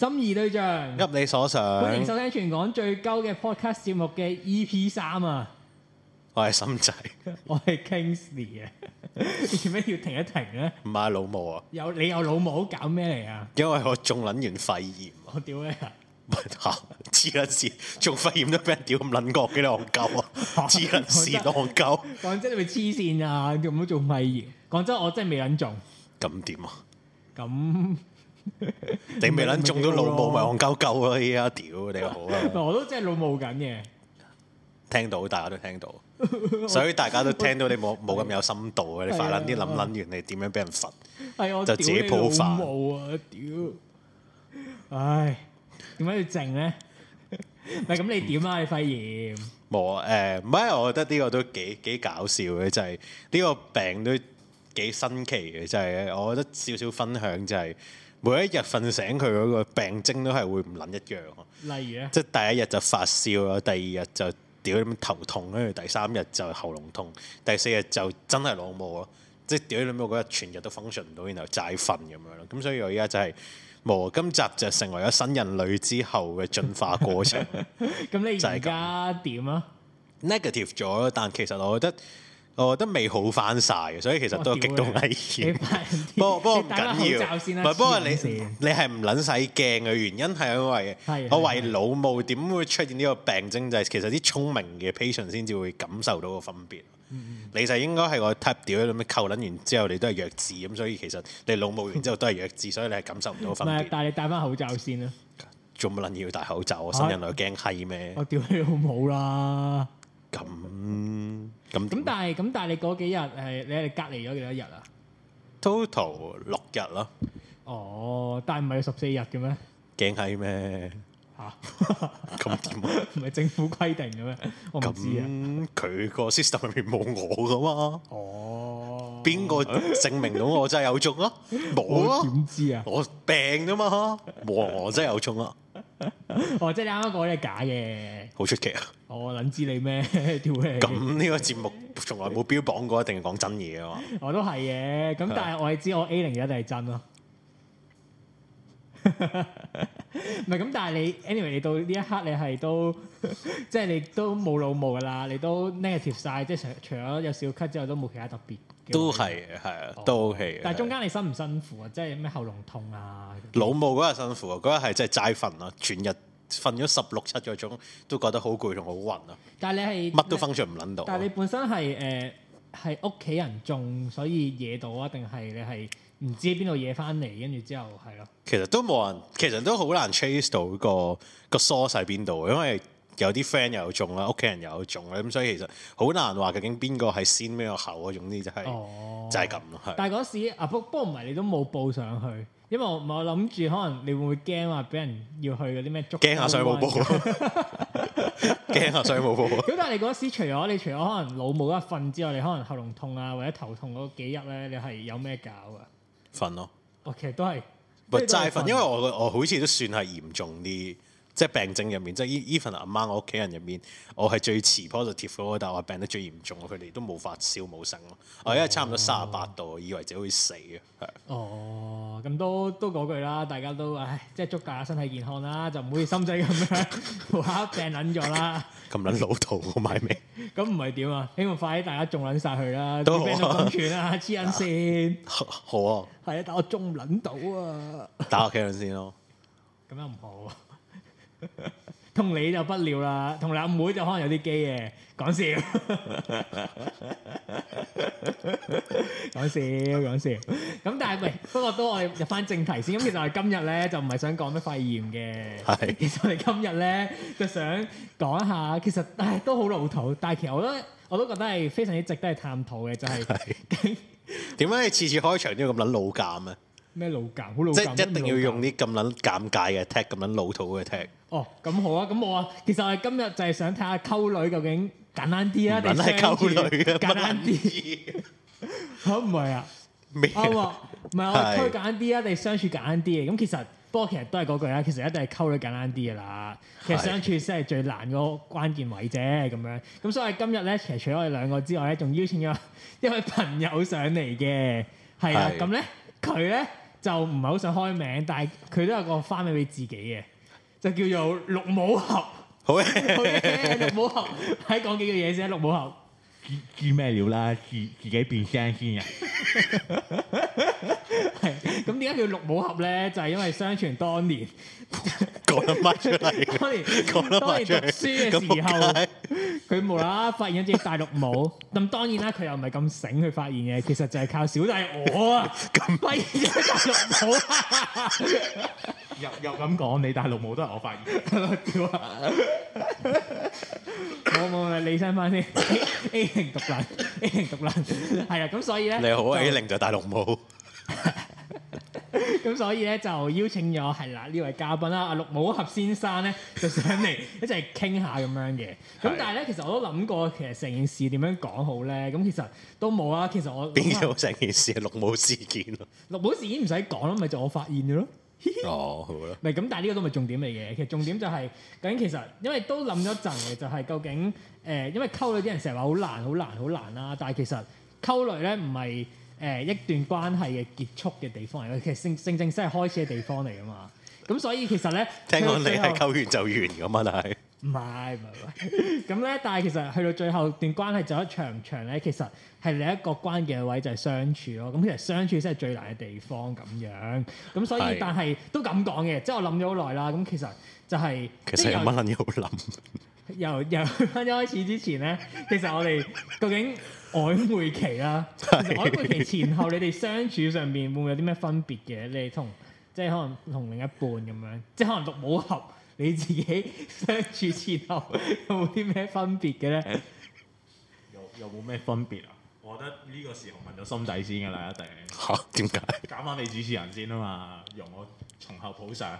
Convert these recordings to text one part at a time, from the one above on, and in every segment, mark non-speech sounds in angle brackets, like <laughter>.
心儀對象，噏你所想。歡迎收聽全港最高嘅 podcast 節目嘅 EP 三啊！我係心仔， <laughs> 我係 King Sir 啊！做 <laughs> 咩要，要停一停咧？唔係、啊老，啊、老母啊！有你有老母搞咩嚟啊？因為我仲撚完肺炎。我屌你啊！黐一線，做肺炎都俾人屌咁撚過，幾狼鳩啊？黐撚線狼鳩。講真，你咪黐線啊！咁都做肺炎？講真，我真係未撚中。咁點啊？咁 <laughs> <laughs> 那。你未撚中到老母咪戇鳩鳩咯？依家屌你又好啊！唔係我都真係老母緊嘅，聽到大家都聽到，所以大家都聽到你冇冇咁有深度嘅。你快撚啲諗諗完，你點樣俾人罰？係我就自己鋪飯。老母啊屌！唉，點解要靜咧？唔係咁，你點啊？你肺炎冇誒，唔係？我覺得呢個都幾幾搞笑嘅，就係呢個病都幾新奇嘅，就係我覺得少少分享就係。每一日瞓醒佢嗰個病徵都係會唔撚一樣例如咧，即第一日就發燒啦，第二日就屌咁頭痛，跟住第三日就喉嚨痛，第四日就真係腦霧咯。即屌你樣，嗰日全日都 function 唔到，然後再瞓咁樣咯。咁所以我依家就係、是、冇，今集就成為咗新人類之後嘅進化過程。咁 <laughs> <laughs> 你而家點啊？Negative 咗，但其實我覺得。我覺得未好翻曬，所以其實都係極度危險。不不過唔緊要，唔係不過你你係唔撚使驚嘅原因係因為我為老母點會出現呢個病徵？就係、是、其實啲聰明嘅 patient 先至會感受到個分別。嗯嗯，你就應該係我睇屌咁樣扣撚完之後，你都係弱智咁，所以其實你老母完之後都係弱智， <laughs> 所以你係感受唔到分別。但係你戴翻口罩先啦。做乜撚要戴口罩，我新人來驚閪咩？我屌你老母啦！咁咁咁但係咁但係你嗰幾日係你係隔離咗幾多日啊？Total 六日咯。哦，但係唔係十四日嘅咩？驚係咩？吓？咁點啊？唔係 <laughs> 政府規定嘅咩？我唔知啊。咁佢個 system 裏面冇我噶嘛？哦，邊個證明到我真係有中啊？冇 <laughs> 啊？點知啊？我病啫嘛，我真係有中啊！ <laughs> 哦，即係你啱啱講啲係假嘅，好出奇啊！ <laughs> 哦、我諗知你咩調咩？咁 <laughs> 呢 <laughs> 個節目從來冇標榜過一定要講真嘢啊嘛？ <laughs> 哦、都我都係嘅，咁但係我係知我 A 零一定係真咯。 <laughs> 唔係咁，但係你 anyway 你到呢一刻，你係都即係 <laughs> 你都冇老毛噶啦，你都 negative 曬，即係除除咗有小咳之外，都冇其他特別。都係，係啊，哦、都 OK。但係中間你辛唔辛苦啊？即係咩喉嚨痛啊？老毛嗰日辛苦啊！嗰日係真係齋瞓咯，全日瞓咗十六七個鐘，都覺得好攰同好暈啊！但係你係乜都瞓上唔撚到。但係你本身係誒係屋企人種，所以惹到啊？定係你係？唔知邊度嘢翻嚟，跟住之後係咯。其實都冇人，其實都好難 chase 到個個 source 喺邊度，因為有啲 friend 又有中啦，屋企人又有中啦，咁所以其實好難話究竟邊個係先邊個後嗰種啲就係、是，哦、就係咁咯。但係嗰時不過唔係你都冇報上去，因為我我諗住可能你會唔會驚話俾人要去嗰啲咩捉驚下水冇報，驚下水冇報。咁但係你嗰時除咗你除咗可能老母一瞓之外，你可能喉嚨痛啊或者頭痛嗰幾日咧，你係有咩搞㗎？瞓咯，哦，其實、okay，都係，唔係齋瞓，就因為我我好似都算係嚴重啲。即係病症入面，即係 even among 我屋企人入面，我係最遲 positive 咯。但係我病得最嚴重，佢哋都冇發燒冇剩咯。我、哦、因為差唔多三十八度，以為自己會死啊。哦，咁都都嗰句啦，大家都唉，即係祝大家身體健康啦，就唔好似森仔咁樣下 <laughs> 病撚咗啦。咁撚老土，我買咩？咁唔係點啊？希望快啲大家中撚晒佢啦，都病咗瘋犬啦，黐撚線。好啊。係啊，但我中唔撚到啊。打屋企人先咯。咁又唔好。同你就不了啦，同你阿妹，妹就可能有啲機嘅，講笑，講笑講笑。咁 <laughs> 但係咪？不過都我入翻正題先。咁其實我哋今日咧就唔係想講咩肺炎嘅。係。其實我哋今日咧就，是就想講一下，其實都好老土，但係其實我都我都覺得係非常之值得係探討嘅，就係點解你次次開場都要咁撚老尷嘅？咩老梗？老即老一定要用啲咁撚尷尬嘅 tag，咁撚老土嘅 tag。哦，咁好啊！咁我啊，其實我哋今日就係想睇下溝女究竟簡單啲啊，定溝女簡單啲？好唔係啊？啊嘛，唔係我溝女簡單啲啊，定相處簡單啲？咁其實，不過其實都係嗰句啦。其實一定係溝女簡單啲噶啦。是其實相處先係最難個關鍵位啫。咁樣咁，所以今日咧，其實除咗我哋兩個之外咧，仲邀請咗一位朋友上嚟嘅。係是啊，咁咧佢咧。就唔係好想開名，但係佢都有個花名俾自己嘅，就叫做綠帽俠。好嘅，綠帽俠喺講幾句嘢先，綠帽俠知知咩料啦？自自己變聲先啊！係咁點解叫綠帽俠咧？就係、是、因為相傳當年講得乜出嚟？當年，當年讀書嘅時候。佢無啦啦發現一隻大陸冇，咁當然啦，佢又唔係咁醒去發現嘅，其實就係靠小弟我啊，發現咗大陸冇 <laughs> ，又又咁講，你大陸冇都係我發現。屌冇冇，你起身翻先。 <laughs> A 型毒男，A 型毒男，係啊，咁 <laughs> 所以咧，你好就，A 零就大陸冇。 <laughs> 咁所以咧就邀請咗係啦呢位嘉賓啦，阿綠帽俠先生咧就想嚟一齊傾下咁樣嘅。咁但係咧其實我都諗過，其實成件事點樣講好咧？咁其實都冇啊。其實我邊度成件事啊？綠帽事件咯。綠帽事件唔使講咯，咪就我發現咗咯。哦，好啦。咪咁，但係呢個都唔係重點嚟嘅。其實重點就係究竟其實因為都諗咗陣嘅，就係究竟誒，因為溝女啲人成日話好難，好難，好難啦。但係其實溝女咧唔係。誒，一段關係嘅結束嘅地方嚟咯，其實正正正先係開始嘅地方嚟啊嘛。咁 <laughs> 所以其實咧，聽講你係溝完就完咁啊，但係唔係唔係。咁咧 <laughs> <laughs> <laughs> 但係其實去到最後段關係走得長唔長咧，其實係另一個關鍵位就係、是、相處咯。咁其實相處先係最難嘅地方咁樣。咁所以是但係都咁講嘅，即係我諗咗好耐啦。咁其實就係、是、其實有乜撚嘢好諗？媽媽 <laughs> 由由開一開始之前咧，其實我哋究竟 <laughs> 曖昧期啦， <laughs> 其實曖昧期前後你哋相處上面會唔會有啲咩分別嘅？你同即係可能同另一半咁樣，即係可能讀舞合，你自己相處前後有冇啲咩分別嘅咧 <laughs> 有有冇咩分別啊？我覺得呢個時候問咗心底先嘅啦，一定嚇，點解？揀返 <laughs> 麼你主持人先啊嘛，讓我從後補上。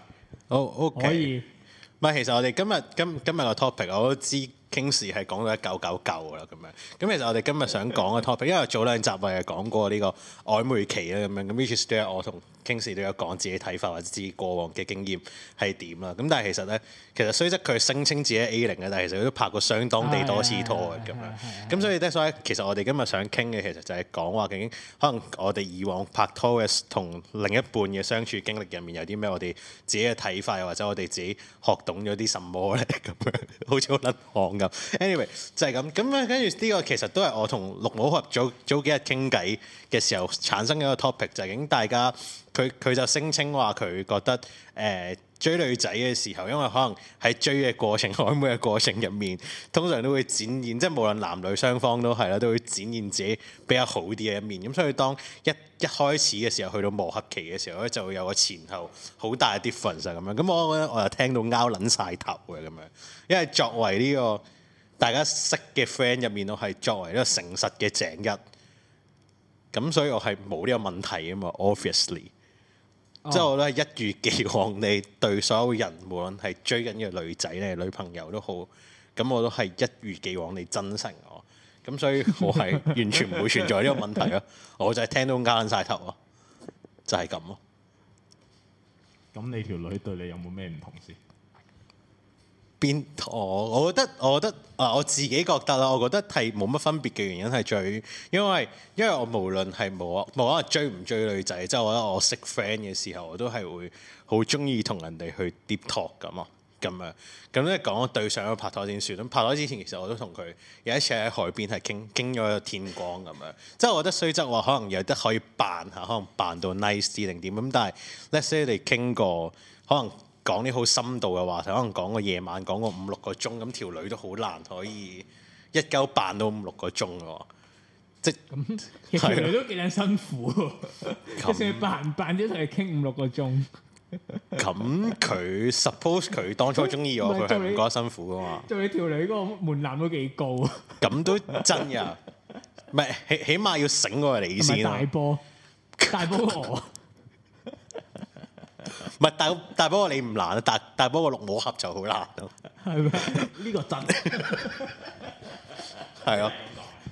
好、oh, OK。 <laughs> 唔係，其實我哋今日今今日個 topic，我都知 King 氏係講到一舊舊舊㗎啦，咁樣。咁其實我哋今日想講嘅 topic，因為早兩集咪係講過呢個曖昧期啊，咁樣。咁 Richie Star，我同。傾時都有講自己睇法或者自己過往嘅經驗係點啦，咁但係其實咧，其實雖則佢聲稱自己 A 零啊，但係其實佢都拍過相當地多次拖嘅咁樣。咁所以所以其實我哋今日想傾嘅其實就係講話究竟可能我哋以往拍拖同另一半嘅相處經歷入面有啲咩，我哋自己嘅睇法或者我哋自己學懂咗啲什麼咧咁樣，好似好甩汗咁。Anyway 就係咁，咁樣跟住呢個其實都係我同綠帽俠早早幾日傾偈嘅時候產生一個 topic，就係究大家。佢佢就聲稱話佢覺得誒、呃、追女仔嘅時候，因為可能喺追嘅過程、開妹嘅過程入面，通常都會展現，即係無論男女雙方都係啦，都會展現自己比較好啲嘅一面。咁所以當一一開始嘅時候，去到磨合期嘅時候咧，就會有個前後好大嘅 difference 咁樣。咁我覺得，我又聽到拗撚晒頭嘅咁樣，因為作為呢、這個大家識嘅 friend 入面，我係作為一個誠實嘅鄭一，咁所以我係冇呢個問題啊嘛，obviously。即係我都係一如既往地對所有人，無論係追緊嘅女仔咧、女朋友都好，咁我都係一如既往地真誠我，咁所以我係完全唔會存在呢個問題咯。 <laughs> 我就係聽到啱晒頭咯，就係咁咯。咁你條女對你有冇咩唔同先？邊我我覺得我覺得啊我自己覺得啦，我覺得係冇乜分別嘅原因係最，因為因為我無論係冇啊冇啊追唔追女仔，即係我覺得我識 friend 嘅時候，我都係會好中意同人哋去 deep talk 咁啊，咁樣咁即係講對上咗拍拖先算啦。拍拖之前其實我都同佢有一次喺海邊係傾傾咗個天光咁樣，即係我覺得雖則話可能有得可以扮下，可能扮到 nice 定點咁，但係 let’s say 你傾過可能。講啲好深度嘅話題，可能講個夜晚講個五六個鐘，咁條女都好難可以一鳩扮到五六個鐘嘅喎，即係咁條女都幾辛苦，其實扮扮咗一齊傾五六個鐘，咁佢 suppose 佢當初中意我，佢係唔覺得辛苦嘅嘛？做你條女嗰個門檻都幾高，咁都真噶，唔係 <laughs> 起起碼要醒過嚟先啦，大波大波 <laughs> 唔係，但係 <music> <music> 不過你唔難啊，但係但係不過六模合就好難咯。係啊，呢個真係啊，係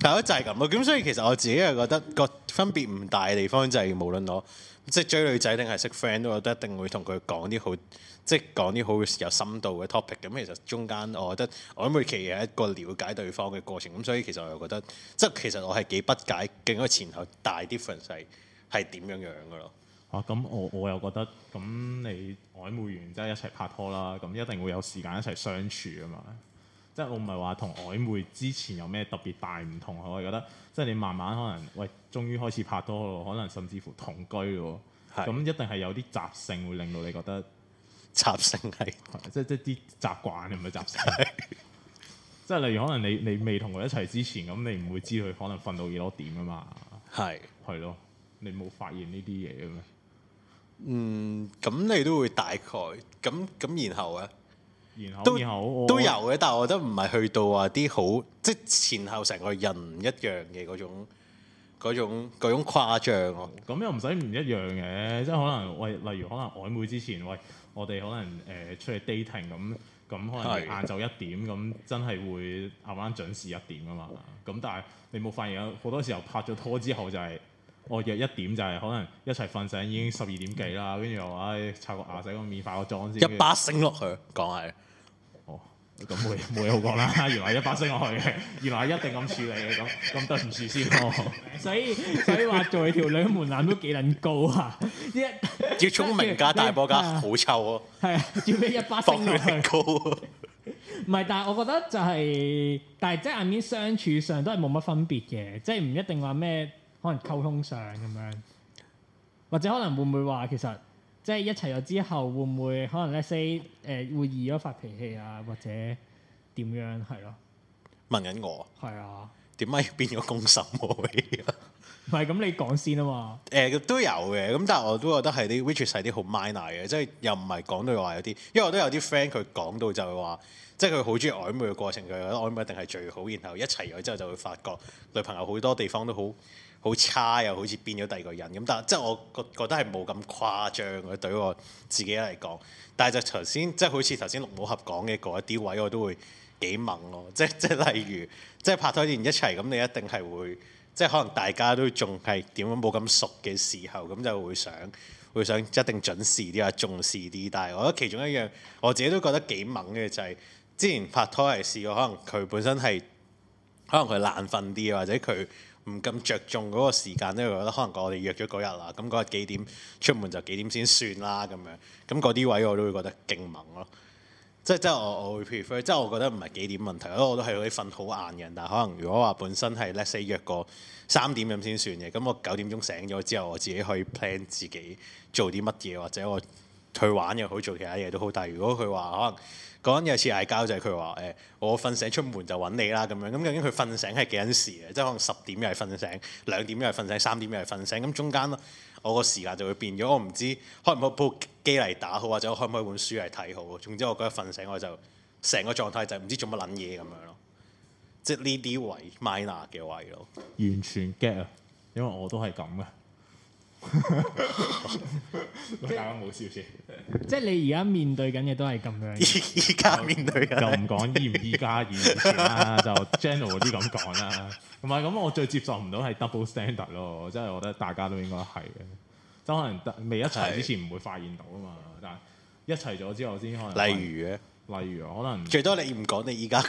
咯，就係咁啊。咁所以其實我自己係覺得個分別唔大嘅地方就係無論我即係追女仔定係識 friend，我都覺得一定會同佢講啲好即係講啲好有深度嘅 topic。咁其實中間，我覺得曖昧期係一個了解對方嘅過程。咁所以其實我又覺得即係其實我係幾不解，點解前後大 difference 係係點樣樣嘅咯？啊，咁我我又覺得，咁你曖昧完之後一齊拍拖啦，咁一定會有時間一齊相處啊嘛！即係我唔係話同曖昧之前有咩特別大唔同，我係覺得即係你慢慢可能喂，終於開始拍拖咯，可能甚至乎同居咯，咁是一定係有啲習性會令到你覺得習性係，即係即係啲習慣係咪習性？是 <laughs> 即係例如可能你你未同佢一齊之前，咁你唔會知佢可能瞓到幾多點啊嘛？係係咯，你冇發現呢啲嘢嘅咩？嗯，咁你都會大概，咁咁然後咧，然後，後都，都有嘅，但係我覺得唔係去到話啲好，即前後成個人唔一樣嘅嗰種，嗰種嗰種誇張咯。咁又唔使唔一樣嘅，即係可能喂，例如可能曖昧之前喂，我哋可能誒、呃、出去 dating 咁，咁可能晏晝一點咁，是的 真係會啱啱準時一點啊嘛。咁但係你冇發現有好多時候拍咗拖之後就係、是。我約一點就係、是、可能一齊瞓醒已經十二點幾啦，跟住又話擦個牙仔、個面、化個妝先，一巴醒落去，講係哦，咁冇冇嘢好講啦。原來一巴醒落去，嘅，原來一定咁處理嘅，咁咁對唔住先喎。所以所以話做你條女門檻都幾撚高啊！一要聰明加、啊、 <laughs> 大波加好你臭喎，係啊，要俾、啊啊、一巴醒落高唔、啊、係，但係我覺得就係、是，但係即係面相處上都係冇乜分別嘅，即係唔一定話咩。可能溝通上咁樣，或者可能會唔會話其實即係一齊咗之後會唔會可能 let's say 誒、呃、會易咗發脾氣啊，或者點樣係咯？啊、問緊我？係啊。點解要變咗公審喎？唔係咁，你講先啊嘛。誒、呃、都有嘅，咁但係我都覺得係啲 which 係啲好 minor 嘅，即係又唔係講到話有啲，因為我都有啲 friend 佢講到就係話，即係佢好中意曖昧嘅過程，佢覺得曖昧一定係最好，然後一齊咗之後就會發覺女朋友好多地方都好。好差又好似變咗第二個人咁，但即我覺覺得係冇咁誇張嘅，對我自己嚟講。但係就頭先即係好似頭先綠帽俠講嘅嗰一啲位，我都會幾猛咯。即即例如即係拍拖之前一齊咁，你一定係會即係可能大家都仲係點樣冇咁熟嘅時候，咁就會想會想一定準時啲啊，重視啲。但係我覺得其中一樣我自己都覺得幾猛嘅就係、是、之前拍拖係試過，可能佢本身係可能佢懶瞓啲或者佢。唔咁着重嗰個時間咧，我覺得可能我哋約咗嗰日啦，咁嗰日幾點出門就幾點先算啦，咁樣咁嗰啲位我都會覺得勁猛咯。即即我我會 prefer，即我覺得唔係幾點問題，我都我都係啲瞓好晏嘅人，但係可能如果話本身係咧，let's say 約個三點咁先算嘅，咁我九點鐘醒咗之後，我自己可以 plan 自己做啲乜嘢，或者我去玩又好，做其他嘢都好。但係如果佢話可能。嗰陣有次嗌交就係佢話誒，我瞓醒出門就揾你啦咁樣咁。究竟佢瞓醒係幾時？即係可能十點又係瞓醒，兩點又係瞓醒，三點又係瞓醒。咁中間我個時間就會變咗。我唔知開唔開部機嚟打好，或者我開唔開本書嚟睇好。總之我覺得瞓醒我就成個狀態就唔知做乜撚嘢咁樣咯。即係呢啲位 minor 嘅位咯，完全 get 啊！因為我都係咁嘅。大家冇笑先即。 <laughs> 即係你而家面對緊嘅都係咁樣。依家面對緊就唔講依唔依家件事啦，就 general 嗰啲咁講啦。同埋咁，我最接受唔到係 double standard 咯。真係我覺得大家都應該係嘅。即可能未一齊之前唔會發現到啊嘛。的但係一齊咗之後先可能。例如咧，例如可能最多你唔講，你而家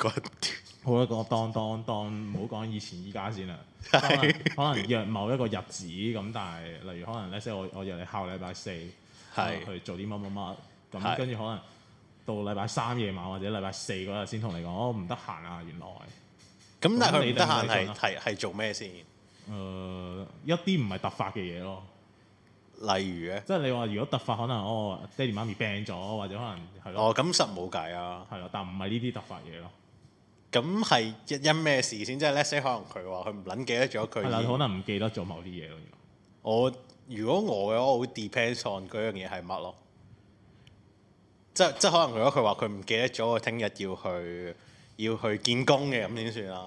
好一個當當當，唔好講以前依家先啦。可能約某一個日子咁，但係例如可能咧，即我我約你下個禮拜四去做啲乜乜乜咁，跟住可能到禮拜三夜晚或者禮拜四嗰日先同你講，我唔得閒啊。原來咁，但係你得閒係係係做咩先？誒，一啲唔係突發嘅嘢咯。例如咧，即係你話如果突發，可能我爹哋媽咪病咗，或者可能係咯。哦，咁實冇計啊。係咯，但唔係呢啲突發嘢咯。咁係因咩事先？即係 let's say 可能佢話佢唔撚記得咗佢。係可能唔記得咗某啲嘢咯。我如果我嘅，我會 depends on 嗰樣嘢係乜咯。即係即係可能如果佢話佢唔記得咗，我聽日要去要去見工嘅咁點算啦？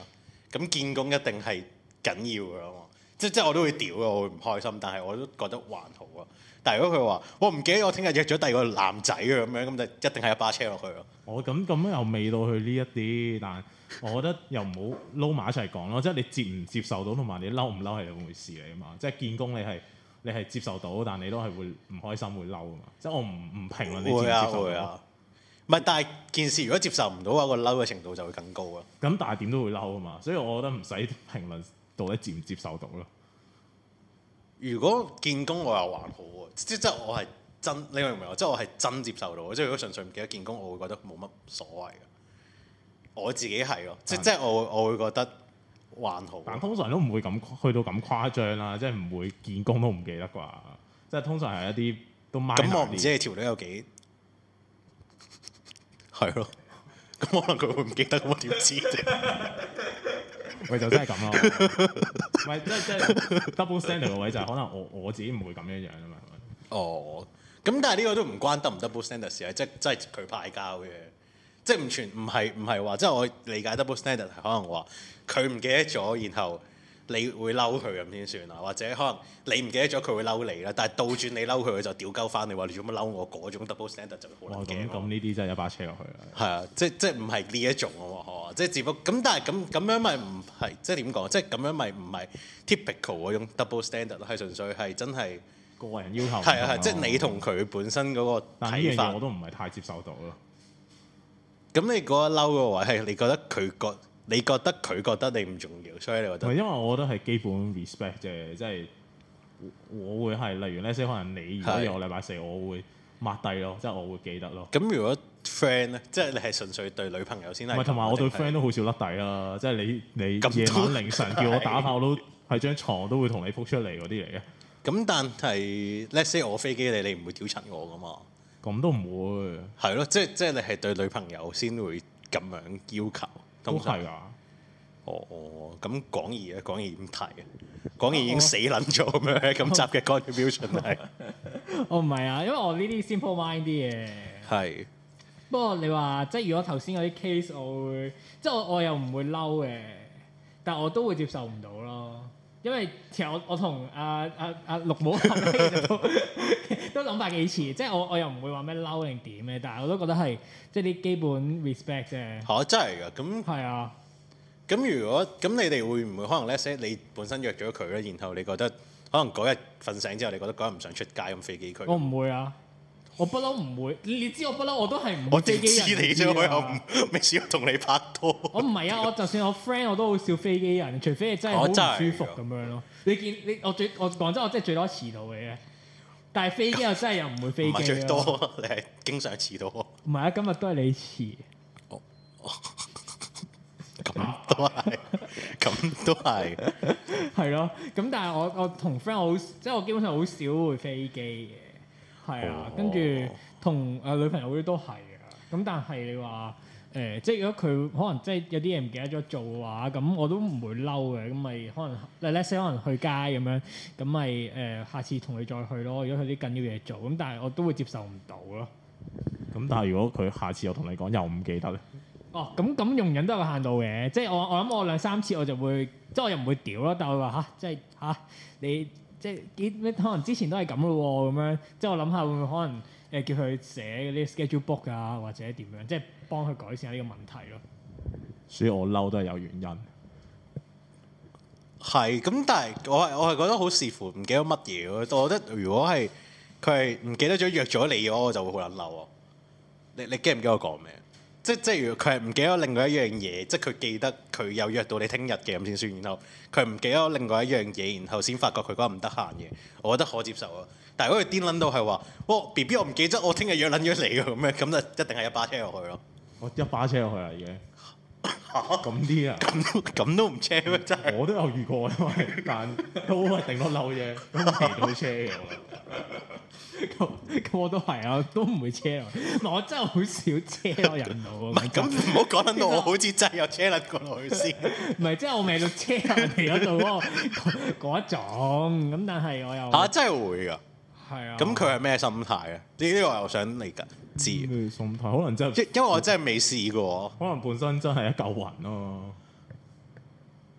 咁見工一定係緊要㗎嘛？即即我都會屌嘅，我會唔開心，但係我都覺得還好啊。但係如果佢話我唔記得我聽日約咗第二個男仔啊咁樣，咁就一定係一巴車落去咯。我咁咁又未到去呢一啲，但係我覺得又唔好撈埋一齊講咯。 <laughs> 即係你接唔接受到同埋你嬲唔嬲係兩回事嚟啊嘛。即係見工你係你係接受到，但你都係會唔開心會嬲啊嘛。即係我唔唔評論你接唔接受到。會啊會啊。唔係，但係件事如果接受唔到嘅話，個嬲嘅程度就會更高啊。咁但係點都會嬲啊嘛。所以我覺得唔使評論到底接唔接受到咯。如果見工我又還好喎，即即我係真，你明唔明啊？即、就是、我係真接受到，即如果純粹唔記得見工，我會覺得冇乜所謂嘅。我自己係咯，即即我會我會覺得還好。但通常都唔會咁去到咁誇張啦，即唔會見工都唔記得啩。即通常係一啲都慢啲。咁我唔知你條女有幾係咯？咁 <laughs> 可能佢會唔記得噉，我點知？ <laughs> 喂，就真係咁咯，唔係是 <laughs> 即 <laughs> 即 double standard 嘅位就係可能我我自己唔會咁樣樣啊嘛，哦，咁但係呢個都唔關得唔 double standard 事啊，即即佢派膠嘅，即唔全唔係唔係話，即我理解 double standard 係可能話佢唔記得咗，然後。你會嬲佢咁先算啦，或者可能你唔記得咗佢會嬲你啦，但係倒轉你嬲佢佢就屌鳩翻你話你做乜嬲我？嗰種 double standard 就好難講，我記得咁呢啲真係一把車落去啊！係啊，即即唔係呢一種喎，即係至多咁。但係咁咁樣咪唔係，即係點講？即係咁樣咪唔係 typical 嗰種 double standard，係純粹係真係個人要求。係啊係，即係你同佢本身嗰個睇法我都唔係太接受到咯。咁你嗰一嬲嗰位係你覺得佢覺？你覺得佢覺得你唔重要，所以你覺得唔係，因為我覺得係基本 respect 啫，即係我會係。例如咧，即係可能你如果是有禮拜四，我會抹低咯，即係我會記得咯。咁如果 friend 咧，即係你係純粹對女朋友先係唔係？同埋我對 friend 是都好少甩底啊！即係你你咁夜晚凌晨叫我打炮 <laughs> 是都喺張床都會同你復出嚟嗰啲嚟嘅。咁但係，let's say 我飛機你，你唔會屌親我㗎嘛？咁都唔會係咯。即即係你係對女朋友先會咁樣要求。都係啊！哦哦、oh, oh, oh, <laughs> 咁講義嘅講義點提嘅，講義已經死撚咗咁樣咁雜嘅嗰個標準係。我唔係啊，因為我呢啲 simple mind 啲嘢。係。不過你話即係如果頭先嗰啲 case，我會即係我我又唔會嬲嘅，但我都會接受唔到咯。因為其實我我同阿阿阿綠帽都 <laughs> 都諗百幾次，即、就、係、是、我我又唔會話咩嬲定點嘅，但係我都覺得係即係啲基本 respect 啫，就是。嚇、啊！真係㗎，咁係啊。咁如果咁你哋會唔會可能 let say 你本身約咗佢咧，然後你覺得可能嗰日瞓醒之後你覺得嗰日唔想出街咁飛機佢？我唔會啊。我不嬲唔會，你知我是不嬲我都係唔會飛機人我。我黐你啫，我又唔未試過同你拍拖。我唔係啊，我就算我 friend 我都好少飛機人，除非你真係好唔舒服咁樣咯。你見你我最我講真我真係最多遲到嘅，但係飛機我真係又唔會飛機。唔係最多，你係經常遲到。唔係啊，今日都係你遲哦。哦，咁都係，咁都係，係 <laughs> 咯。 <laughs> 咁但係我我同 friend 好即係我基本上好少會飛機嘅。係啊，跟住同誒女朋友嗰啲都係啊，咁但係你話誒、呃，即係如果佢可能即係有啲嘢唔記得咗做嘅話，咁我都唔會嬲嘅，咁咪可能你 l e 可能去街咁樣，咁咪誒下次同你再去咯。如果佢啲緊要嘢做，咁但係我都會接受唔到咯。咁、嗯、但係如果佢下次又同你講又唔記得咧？哦，咁咁容忍都有個限度嘅，即係我我諗我兩三次我就會，即係我又唔會屌咯。但係話吓，即係吓、啊，你。即係幾咩？可能之前都係咁嘅喎，咁樣即係我諗下會唔會可能誒叫佢寫啲 schedule book 啊，或者點樣，即係幫佢改善下呢個問題咯。所以我嬲都係有原因。係咁，但係我係我係覺得好視乎唔記得乜嘢。我覺得如果係佢係唔記得咗約咗你嘅我就會好撚嬲啊！你你驚唔驚我講咩？即即係如果佢係唔記得另外一樣嘢，即係佢記得佢有約到你聽日嘅咁先算，然後佢唔記得另外一樣嘢，然後先發覺佢日唔得閒嘅，我覺得可接受啊。但係如果佢癲撚到係話，哇 B B 我唔記得我聽日約撚咗你㗎咁樣，咁就一定係一巴車入去咯。我一巴車入去啊，依家。吓咁啲啊？咁都咁都唔車咩？我都有遇過，因為但都係停落樓嘅，都到車嘅。咁我都係啊，都唔會車啊。我真係好少車喎人到路。咁唔好講得我好似真係有車甩過落去先。唔係，即係我咪就車喺你嗰度嗰一棟。咁但係我又嚇真係會㗎。係啊。咁佢係咩心態啊？呢個我又想嚟緊。字送可能真，因因為我真係未試過，可能本身真係一嚿雲咯，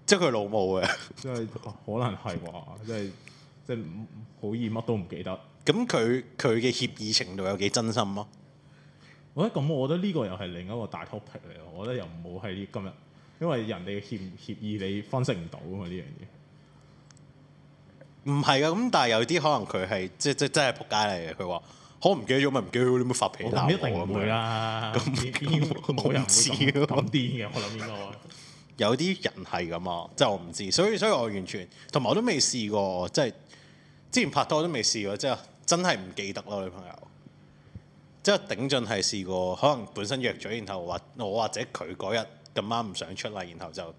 即係佢老母嘅，即係可能係話， <laughs> 即係即係好易乜都唔記得。咁佢佢嘅協議程度有幾真心啊？我覺得咁，我覺得呢個又係另一個大 topic 嚟。我覺得又唔好喺今日，因為人哋嘅協協議你分析唔到啊嘛呢樣嘢。唔係啊，咁但係有啲可能佢係即即，即係真係仆街嚟嘅，佢話。我唔記得咗咪唔記得佢，你咪發脾氣鬧我咁樣。唔會啦，咁咁我唔知咯。講癲嘅，我諗 <laughs> 應該 <laughs> 有啲人係咁啊，即係我唔知，所以所以我完全同埋我都未試過，即係之前拍拖我都未試過，即係真係唔記得咯，女朋友。即係頂盡係試過，可能本身約咗，然後或我或者佢嗰日咁啱唔想出嚟，然後就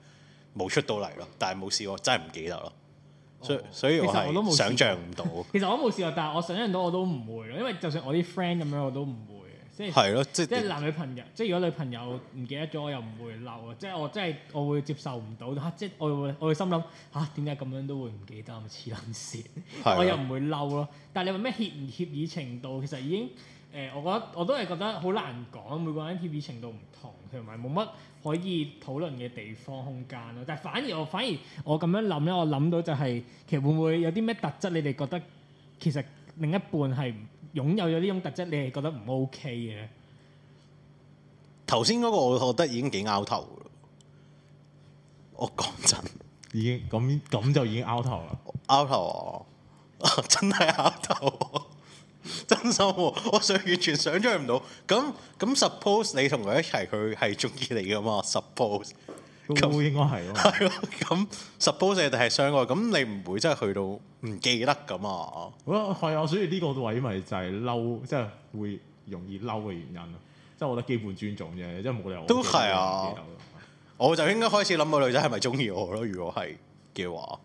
冇出到嚟咯。但係冇試過真係唔記得咯。所以，所以我係想象唔到。其實我都冇試過，但係我想象到我都唔會咯，因為就算我啲 friend 咁樣，我都唔會。即係係咯，即係即係男女朋友。即係如果女朋友唔記得咗，我又唔會嬲啊！即係我真係我會接受唔到吓，即係我會我會心諗吓點解咁樣都會唔記得咁黐撚線？我,係咯我又唔會嬲咯。但係你話咩協唔協議程度，其實已經誒、呃，我覺得我都係覺得好難講，每個人都協議程度唔同，同埋冇乜。可以討論嘅地方空間咯，但係反而我反而我咁樣諗咧，我諗到就係、是、其實會唔會有啲咩特質？你哋覺得其實另一半係擁有咗呢種特質，你係覺得唔 OK 嘅咧？頭先嗰個我覺得已經幾拗頭。我講真， <laughs> 已經咁咁就已經拗頭啦。拗 <laughs> 頭啊！ <laughs> 真係拗頭啊。 <laughs> 真心喎，我想完全想象唔到。咁咁 supp suppose 你同佢一齊，佢係中意你噶嘛？Suppose 都應該係咯。係咯， <laughs> 咁 suppose 你哋係相愛，咁你唔會真係去到唔記得咁啊？係啊，所以呢個位咪就係嬲，即係會容易嬲嘅原因咯。即係我覺得基本尊重啫，即係冇理由。都係啊！我就應該開始諗個女仔係咪中意我咯？如果係嘅話，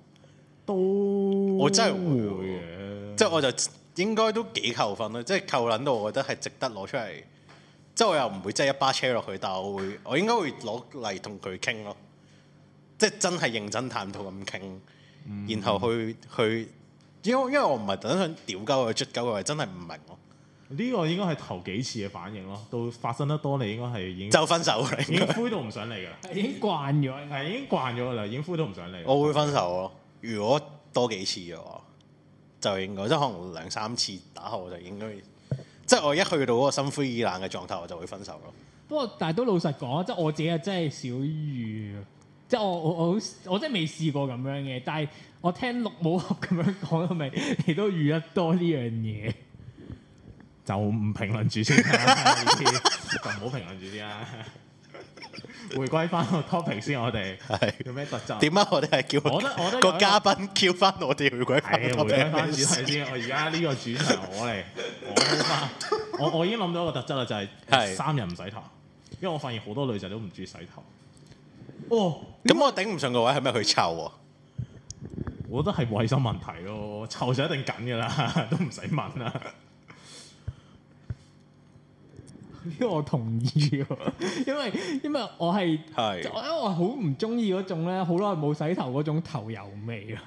都我真係會嘅。即係我就。應該都幾扣分咯，即係扣撚到，我覺得係值得攞出嚟。即係我又唔會即係一巴車落去，但係我會，我應該會攞嚟同佢傾咯。即係真係認真探討咁傾，嗯、然後去去，因為我唔係特登想屌鳩佢、捽鳩佢，真係唔明咯。呢個應該係頭幾次嘅反應咯。到發生得多，你應該係已經就分手啦， <laughs> 已經灰都唔想嚟噶啦，已經慣咗，係已經慣咗噶啦，已經灰都唔想嚟。我會分手咯，如果多幾次嘅話。就應該，即係可能兩三次打後我就應該，即係我一去到嗰個心灰意冷嘅狀態，我就會分手咯。不過，但係都老實講，即係我自己真係少遇，即係我我我我真係未試過咁樣嘅。但係我聽綠帽俠咁樣講，咪亦都遇得多呢樣嘢，就唔評論住先， <laughs> 就唔好評論住先啦。回歸翻個 topic 先，我哋係有咩特質？點解我哋係叫我覺得我覺得個,個嘉賓叫 a 翻我哋回歸翻主題先。 <laughs> 我而家呢個主場我嚟，我我,回回 <laughs> 我,我已經諗到一個特質啦，就係、是、係三日唔洗頭，的因為我發現好多女仔都唔鍾意洗頭。哦，咁我頂唔順個位係咩？佢臭啊？我覺得係衞生問題咯，臭就一定緊噶啦，都唔使問啦。呢個我同意喎，因為因為我係，是我因為我好唔中意嗰種咧，好耐冇洗頭嗰種頭油味啊！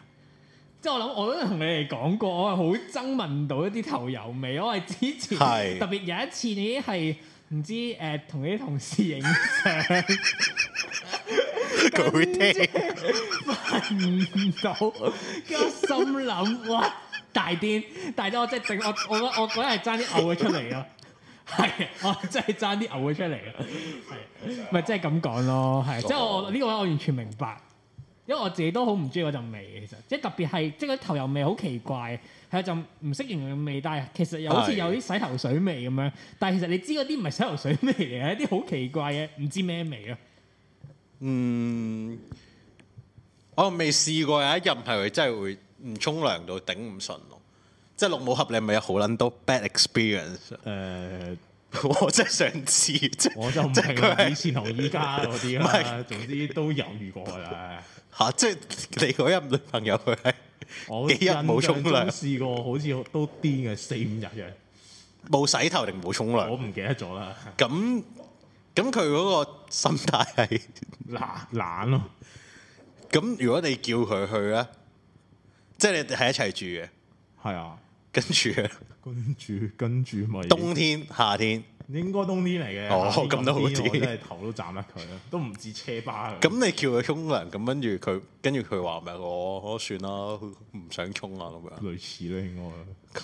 即係我諗，我都同你哋講過，我係好憎聞到一啲頭油味。我係之前是特別有一次你，你係唔知誒同啲同事影相，佢哋發現到，跟住心諗哇大癲大啲，我真係整我我我覺得嗰日爭啲嘔咗出嚟啊！ <laughs> 係，我真係爭啲嘔咗出嚟啊！係，咪即係咁講咯，係，即係我呢、呢個位我完全明白，因為我自己都好唔中意嗰陣味其實，即係特別係即係嗰頭油味好奇怪，係一陣唔識形容嘅味道，但係其實又好似有啲洗頭水味咁樣，是的 但係其實你知嗰啲唔係洗頭水味嚟嘅，一啲好奇怪嘅唔知咩味啊。嗯，我未試過有一陣係真係會唔沖涼到頂唔順咯。即係六冇合你咪有好撚多 bad experience、呃。誒，我即係上次，即我就唔係佢係先同依家嗰啲。咁係 <laughs> 是，總之都有遇過啦。嚇、啊！即係你嗰任女朋友佢係幾日冇沖涼？試過好似都癲嘅四五日嘅，冇洗頭定冇沖涼？我唔記得咗啦。咁咁佢嗰個心態係 <laughs> 懶懶咯、啊。咁如果你叫佢去咧，即係你哋係一齊住嘅。係啊，跟住，跟住，就是，跟住咪冬天，夏天，應該冬天嚟嘅。哦，咁都好啲，真係頭都斬甩佢，都唔似車巴。咁你叫佢沖涼，咁跟住佢，跟住佢話唔係我，我算啦，唔想沖啊咁樣。類似啦，應該。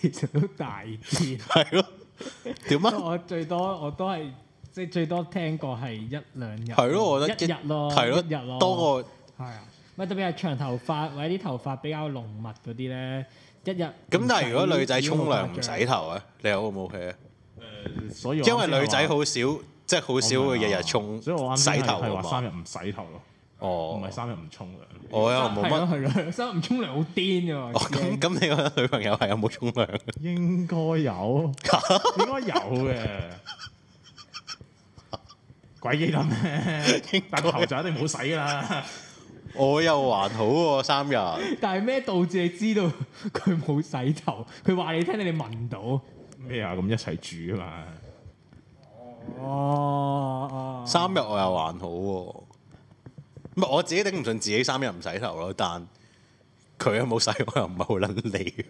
其實都大啲，係咯。 <laughs> 點解？ <laughs> 我最多我都係即係最多聽過係一兩日，係咯，我覺得一日咯，係咯，一日咯，對多過係啊。的咪特別係長頭髮或者啲頭髮比較濃密嗰啲咧，一日咁，但係如果女仔沖涼唔洗頭咧，你又好唔 OK 啊？誒，所以因為女仔好少，即係好少會日日沖，所以我啱啱係話三日唔洗頭咯。哦，唔係三日唔沖涼。我又冇乜三日唔沖涼好癲㗎嘛？哦咁，咁你覺得女朋友係有冇沖涼？應該有，應該有嘅。鬼記得咩，但大個頭就一定唔好洗㗎啦。我又還好喎、啊，三日。但係咩導致你知道佢冇洗頭？佢話你聽，你哋聞到咩啊？咁一齊住啊嘛！哦，三日我又還好喎、啊。唔係我自己頂唔順自己三日唔洗頭咯，但佢又冇洗，我又唔係好能理。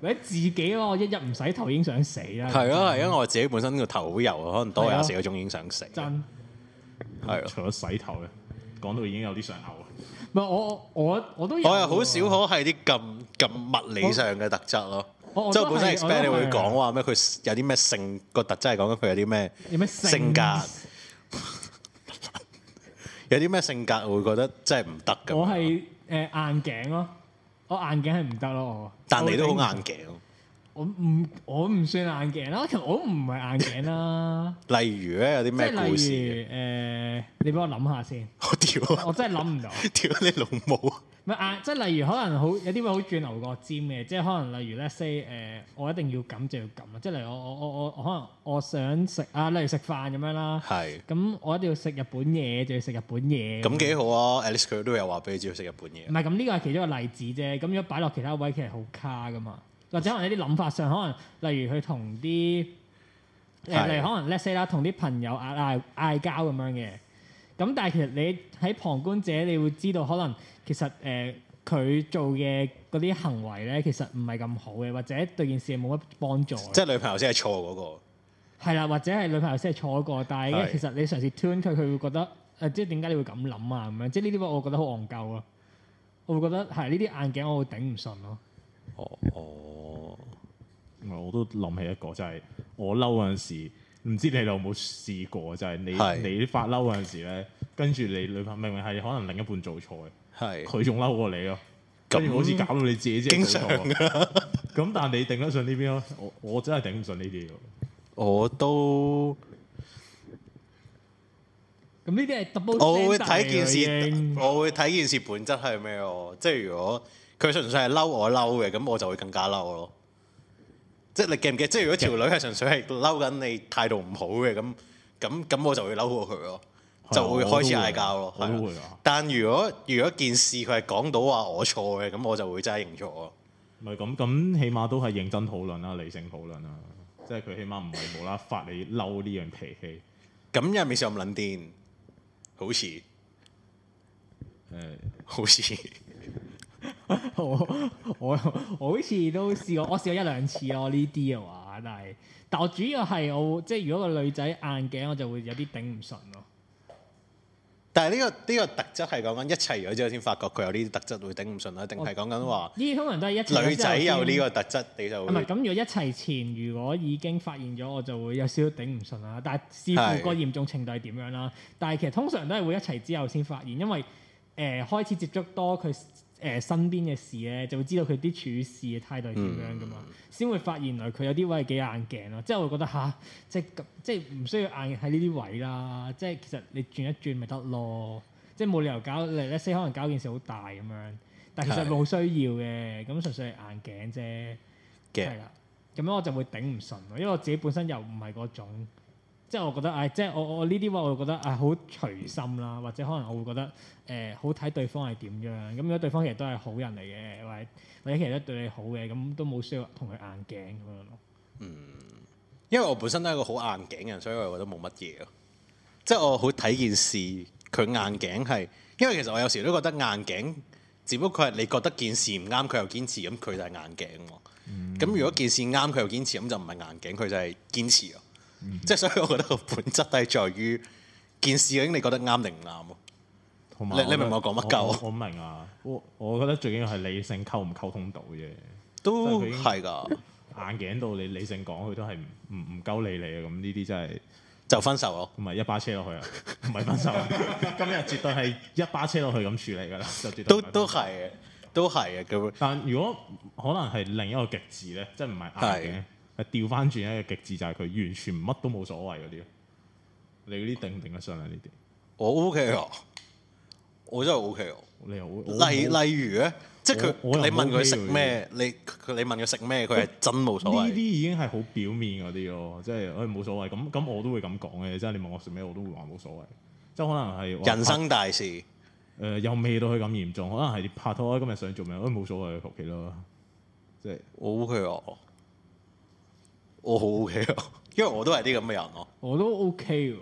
或者自己咯，我一日唔洗頭已經想死啦。係咯、啊，係因為我自己本身個頭好油，可能多廿四個鐘已經想死、啊。真係、啊、除咗洗頭嘅，講、啊、到已經有啲想口。唔係我我我都，我又好少可係啲咁咁物理上嘅特質咯。我我即係本身 expect 你會講話咩佢有啲咩性個特質，係講緊佢有啲咩性格，有啲咩性， <laughs> 性格會覺得真係唔得㗎。我係誒、呃、硬頸咯，我硬頸係唔得咯我。但你都好硬頸。我唔我唔算硬頸啦，其實我都唔係硬頸啦、啊。 <laughs> 例如咧，有啲咩故事？誒， <laughs> <laughs> 你幫我諗下先。我屌！我真係諗唔到。屌 <laughs> 你老母！唔係啊，即係例如可能好有啲位好轉牛角尖嘅，即係可能例如 let's say 誒，我一定要咁就要咁啊！即係例如我我我我可能我，我想食啊，例如食飯咁樣啦。係。咁我一定要食日本嘢，就要食日本嘢。咁幾 <laughs> 好啊。At least 佢都 <laughs> 有話俾你知要食日本嘢。唔係，咁呢個係其中一個例子啫。咁如果擺落其他位，其實好卡噶嘛。或者可能喺啲諗法上，可能例如佢同啲誒，的例如可能 let's say 啦，同啲朋友嗌嗌嗌交咁樣嘅。咁但係其實你喺旁觀者，你會知道可能其實誒佢、呃、做嘅嗰啲行為咧，其實唔係咁好嘅，或者對件事冇乜幫助。即係女朋友先係錯嗰、那個。係啦，或者係女朋友先係錯嗰個，但係其實你嘗試 turn 佢，佢會覺得誒、呃，即係點解你會咁諗啊？咁樣即係呢啲我覺得好戇鳩啊。我會覺得係呢啲硬頸，我會頂唔順咯。哦哦。我都諗起一個，就係、是、我嬲嗰陣時，唔知你哋有冇試過？就係、是、你是你發嬲嗰陣時咧，跟住你女朋友明明係可能另一半做錯，係佢仲嬲過你咯，那好似搞到你自己正常咁 <laughs> 但係你頂得順呢邊咯？我我真係頂唔順呢啲。我都咁呢啲係 double 我會睇件，件事，我會睇件事本質係咩咯？即、就、係、是、如果佢純粹係嬲我嬲嘅，咁我就會更加嬲我咯。即係你記唔記？即係如果條女係純粹係嬲緊你態度唔好嘅咁，咁咁我就會嬲過佢咯，的就會開始嗌交咯。的但係如果如果件事佢係講到話我錯嘅，咁我就會齋認錯咯。唔係咁咁，起碼都係認真討論啦，理性討論啦，即係佢起碼唔係無啦發你嬲呢樣脾氣。咁又未上撚癲，好似誒，好似。欸好 <laughs> 我我，我好似都試過，我試過一兩次我呢啲嘅話，但係但我主要係我即係如果個女仔硬頸我就會有啲頂唔順咯。但係呢、呢個呢、呢個特質係講緊一齊咗之後先發覺佢有呢啲特質會頂唔順啦，定係講緊話呢啲香都係一女仔有呢個特質你就唔係咁。如果一齊前如果已經發現咗我就會有少少頂唔順啦，但係視乎個嚴重程度點樣啦。的但係其實通常都係會一齊之後先發現，因為誒、呃、開始接觸多佢。誒、呃、身邊嘅事咧，就會知道佢啲處事嘅態度點樣噶嘛，先、嗯、會發現來佢有啲位係幾硬頸咯，啊，即係會覺得吓，啊，即係咁，即係唔需要硬喺呢啲位啦，啊，即係其實你轉一轉咪得咯，即係冇理由搞，你咧 say 可能搞件事好大咁樣，但其實冇需要嘅，咁的純粹係硬頸啫，係啦的，咁樣我就會頂唔順咯，因為我自己本身又唔係嗰種。即係我覺得，誒，即係我我呢啲話，我會覺得誒好隨心啦，或者可能我會覺得誒、呃、好睇對方係點樣。咁如果對方其實都係好人嚟嘅，或者或者其實都對你好嘅，咁都冇需要同佢硬頸咁樣咯。嗯，因為我本身都係一個好硬頸嘅人，所以我覺得冇乜嘢咯。即係我好睇件事，佢硬頸係因為其實我有時都覺得硬頸，只不過係你覺得件事唔啱，佢又堅持，咁佢就係硬頸喎。咁、嗯、如果件事啱，佢又堅持，咁就唔係硬頸，佢就係堅持咯。即係，所以我覺得個本質都係在於件事，究竟你覺得啱定唔啱啊？你明唔明我講乜鳩啊？我唔明啊！我我覺得最緊要係理性溝唔溝通到啫，都係噶硬頸到你理性講，佢都係唔唔唔夠理你啊！咁呢啲真係就分手咯，唔係一巴車落去啊，唔係分手。今日絕對係一巴車落去咁處理噶啦，都都係，都係啊！咁但如果可能係另一個極致咧，即係唔係硬頸嘅。掉翻轉一個極致就係佢完全乜都冇所謂嗰啲，你嗰啲定唔定得上啊？呢啲我 OK 啊，我真係 OK 啊例。你又例例如咧，即係佢你問佢食咩，你佢你問佢食咩，佢係真冇所謂。呢啲已經係好表面嗰啲咯，即係誒冇所謂。咁咁我都會咁講嘅，即係你問我食咩，我都會話冇所謂。即係可能係人生大事，誒、呃、又未到佢咁嚴重，可能係拍拖今日想做咩都冇所謂，求其咯。即係我 OK 啊。我好 OK 啊，因為我都係啲咁嘅人咯。我都 OK 嘅，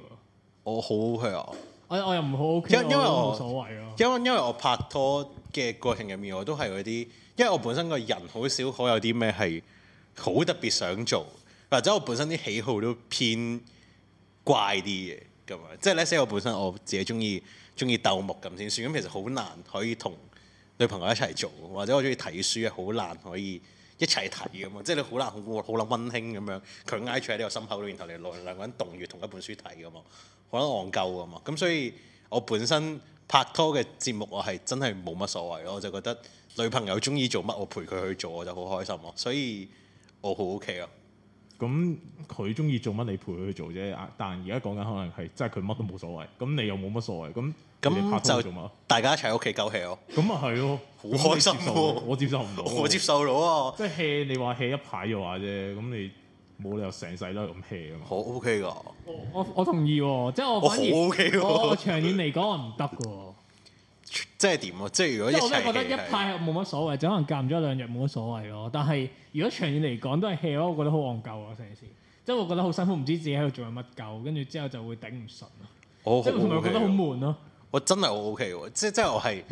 我好 OK 啊。我又唔好 OK，因因為冇所謂咯。因為因為我拍拖嘅過程入面，我都係嗰啲，因為我本身個人好少可有啲咩係好特別想做，或者我本身啲喜好都偏怪啲嘅，咁啊，即係咧，所以我本身我自己中意中意鬥木咁先算。咁其實好難可以同女朋友一齊做，或者我中意睇書啊，好難可以。一齊睇咁啊，即係你好難好難溫馨咁樣，佢挨住喺你個心口度，然後你兩兩個人讀完同一本書睇咁啊，好撚戇鳩啊嘛，咁所以我本身拍拖嘅節目我係真係冇乜所謂咯，我就覺得女朋友中意做乜我陪佢去做我就好開心咯，所以我好 OK 啊。咁佢中意做乜你陪佢去做啫啊！但而家講緊可能係即係佢乜都冇所謂，咁你又冇乜所謂，咁你拍拖做乜？大家一齊喺屋企夠氣咯。咁啊係咯，好開心喎、哦！我接受唔到，我接受到啊！即係 hea 你話 hea 一排嘅話啫，咁你冇理由成世都咁 hea 啊！好 OK 噶，我我同意喎、哦，即係我反而我、okay、我我長遠嚟講唔得嘅。即係點啊？即係如果一派冇乜所謂，就可能間唔中一兩日冇乜所謂咯。但係如果長遠嚟講都係戲咯，我覺得好戇鳩啊成件事。即係我覺得好辛苦，唔知自己喺度做緊乜鳩，跟住之後就會頂唔順咯。即係同埋覺得好悶咯。我真係好 OK 喎，即係即係我係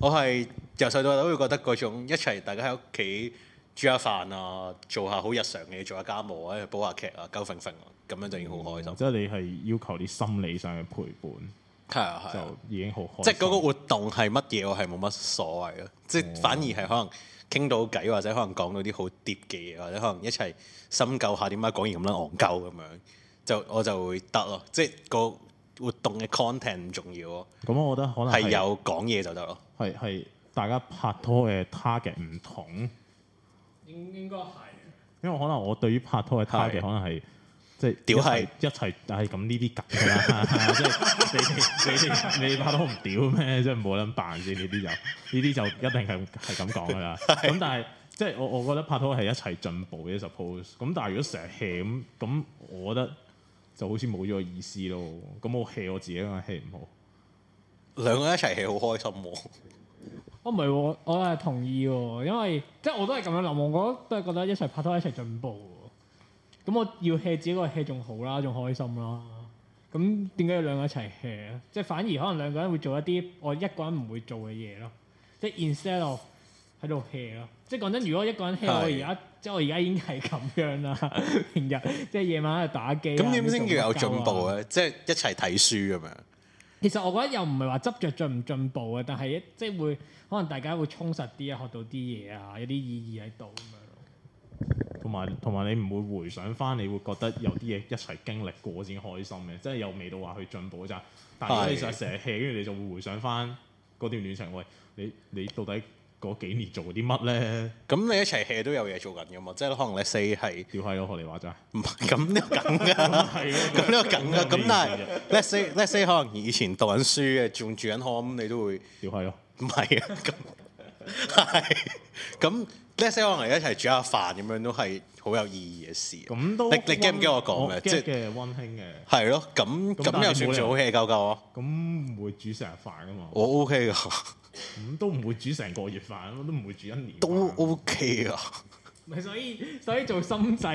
我係由細到大都會覺得嗰種一齊大家喺屋企煮下飯啊，做下好日常嘅嘢，做下家務啊，煲下劇啊，鳩份份咁樣就已經好開心。嗯，即係你係要求啲心理上嘅陪伴。係啊，啊就已經好，即係嗰個活動係乜嘢，我係冇乜所謂咯。即係反而係可能傾到偈，或者可能講到啲好 deep 嘅嘢，或者可能一齊深究下點解講完咁撚戇鳩咁樣，就我就會得咯。即係個活動嘅 content 唔重要咯。咁我覺得可能係有講嘢就得咯。係係，大家拍拖嘅 target 唔同，應應該係，因為可能我對於拍拖嘅 target 是可能係。即係屌係一齊，但係咁呢啲梗啦，即係 <laughs> <laughs> 你你你拍拖唔屌咩？即係冇得辦先，呢啲就呢啲就一定係係咁講噶啦。咁是但係即係我我覺得拍拖係一齊進步嘅。suppose。咁但係如果成日 hea 咁，咁我覺得就好似冇咗個意思咯。咁我 hea 我自己嘅 hea 唔好，兩個人一齊 hea 好開心喎、哦 <laughs> 哦哦。我唔係，我係同意喎、哦，因為即係、就是、我都係咁樣諗，我都係覺得一齊拍拖一齊進步。咁我要 hea 自己個 hea 仲好啦，仲開心啦。咁點解要兩個一齊 hea？啊？即係反而可能兩個人會做一啲我一個人唔會做嘅嘢咯。即係 instead of，喺度 hea e 咯。即係講真，如果一個人 hea< 的>，我而家即係我而家已經係咁樣啦。平日即係夜晚喺度打機。咁點先叫有進步咧？即係一齊睇書咁樣。其實我覺得又唔係話執着進唔進步啊，但係即係會可能大家會充實啲啊，學到啲嘢啊，有啲意義喺度。同埋，同埋你唔會回想翻，你會覺得有啲嘢一齊經歷過先開心嘅，即係又未到話去進步咋。但係你成日 hea，跟住你就會回想翻嗰段戀情。喂，你你到底嗰幾年做啲乜咧？咁你一齊 hea 都有嘢做緊嘅嘛？即係可能你四 let's see 係調戲我學你話齋。唔係咁呢個梗㗎。咁呢、 <laughs> 啊、 <laughs> 個梗㗎。咁但係 <laughs> Let's see Let's see 可能以前讀緊書嘅，仲住緊學咁，你都會調戲我。唔係啊咁。 <laughs> 係，咁 let's say 我哋一齊煮下飯咁樣都係好有意義嘅事。咁都，你你驚唔驚我講嘅？即係嘅溫馨嘅。係咯，咁咁又算唔算 OK 夠夠啊？咁唔會煮成日飯啊嘛。我 OK 噶。咁都唔會煮成個月飯，我都唔會煮一年。都 OK 噶。唔係，所以所以做心仔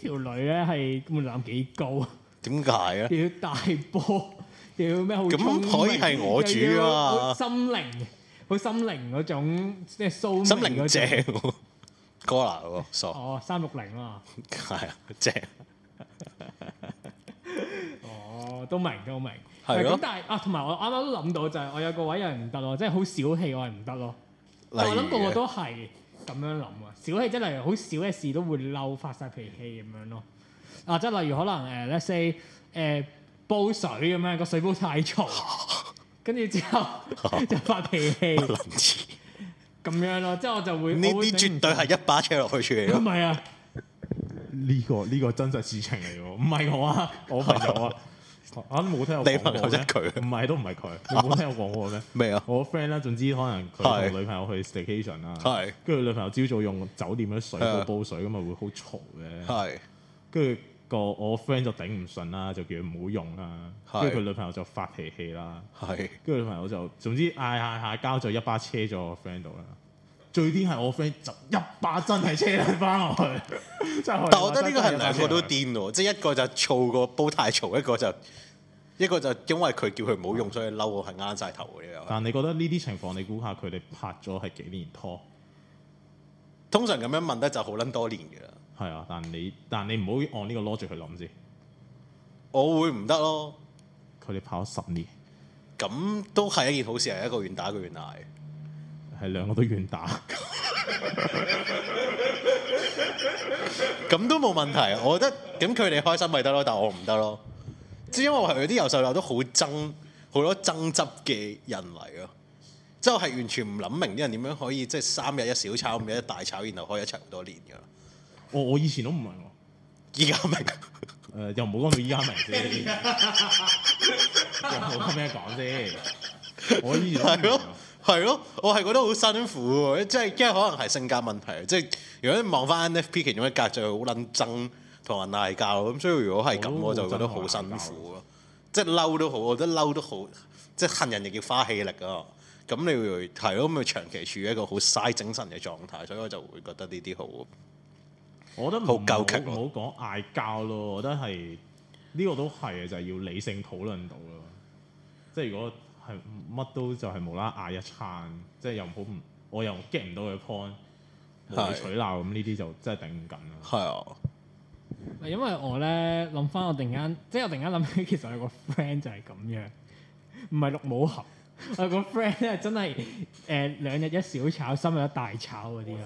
條女咧，係門檻幾高？點解咧？要大波，要咩好，咁可以係我煮啊，要心靈。好心靈嗰種即係蘇，心靈正， <laughs> 哥嚟喎傻。哦，三六零啊嘛，係啊，正。哦，都明都明，係咯。咁但係啊，同埋我啱啱都諗到就係，我有個位有人唔得咯，即係好小氣我，我係唔得咯。我諗個個都係咁樣諗啊，小氣真係好小嘅事都會嬲，發晒脾氣咁樣咯。啊，即係例如可能誒，let's say 誒煲水咁樣，個水煲太嘈。 <laughs> 跟住之後就發脾氣，咁 <laughs> 樣咯， <laughs> 即係我就會呢啲絕對係一把車落去出嚟。唔係啊，呢個呢個真實事情嚟嘅喎，唔係我啊，我朋友啊，啊冇 <laughs> 聽我講過我。地佢，唔係都唔係佢，你冇聽我講過咩？咩 <laughs> 啊，我 friend 啦、啊，總之可能佢同女朋友去 staycation 啦， <laughs> 跟住女朋友朝早用酒店嘅水煲水咁咪會好嘈嘅，跟 <laughs> 是的。住。個我 friend 就頂唔順啦，就叫佢唔好用啦，跟住佢女朋友就發脾氣啦，係是，跟住女朋友就總之嗌嗌下交咗，一巴車咗我 friend 度啦，最癲係我 friend 就一巴真係車佢翻落去，但係我覺得呢個係兩個都癲咯，即係 konuş 一個就嘈個煲太嘈，一個就一個就因為佢叫佢唔好用，所以嬲我係啱晒頭嘅又，但，是但你覺得呢啲情況，你估下佢哋拍咗係幾年拖？ <laughs> <laughs> 通常咁樣問得就好捻多年嘅啦。係啊，但你但你唔好按呢個 logic 去諗先，我會唔得咯。佢哋跑十年，咁都係一件好事，係一個願打一個願挨，係兩個都願打，咁 <laughs> <laughs> <laughs> 都冇問題。我覺得咁佢哋開心咪得咯，但係我唔得咯。即係因為我係啲由細到都好憎好多爭執嘅人嚟咯，即係我係完全唔諗明啲人點樣可以即係三日一小炒，五日一大炒，然後可以一齊咁多年嘅。我、哦、我以前都唔明喎，而家明誒又冇講到，而家明先，又冇得咩講先？我以前係咯係咯，我係覺得好辛苦即係，因為可能係性格問題，即係如果你望翻 NFP 其中一格就，就好撚憎同人嗌交咁，所以如果係咁，我，我就覺得好辛苦咯。即係嬲都好，我覺得嬲都好，即係恨人亦要花氣力啊。咁你會係咯，咁咪長期處於一個好嘥精神嘅狀態，所以我就會覺得呢啲好。我覺得唔好講嗌交咯，我覺得係呢、呢個都係啊，就係、是、要理性討論到咯。即係如果係乜都就係無啦啦嗌一餐，即係又唔好唔我又 get 唔到佢 point，無理取鬧咁呢啲就真係頂唔緊啦。係啊，因為我咧諗翻，我突然間即係我突然間諗起，其實我有個 friend 就係咁樣，唔係綠帽俠， <laughs> 我有個 friend 咧真係誒、呃、兩日一小炒，三日一大炒嗰啲啊。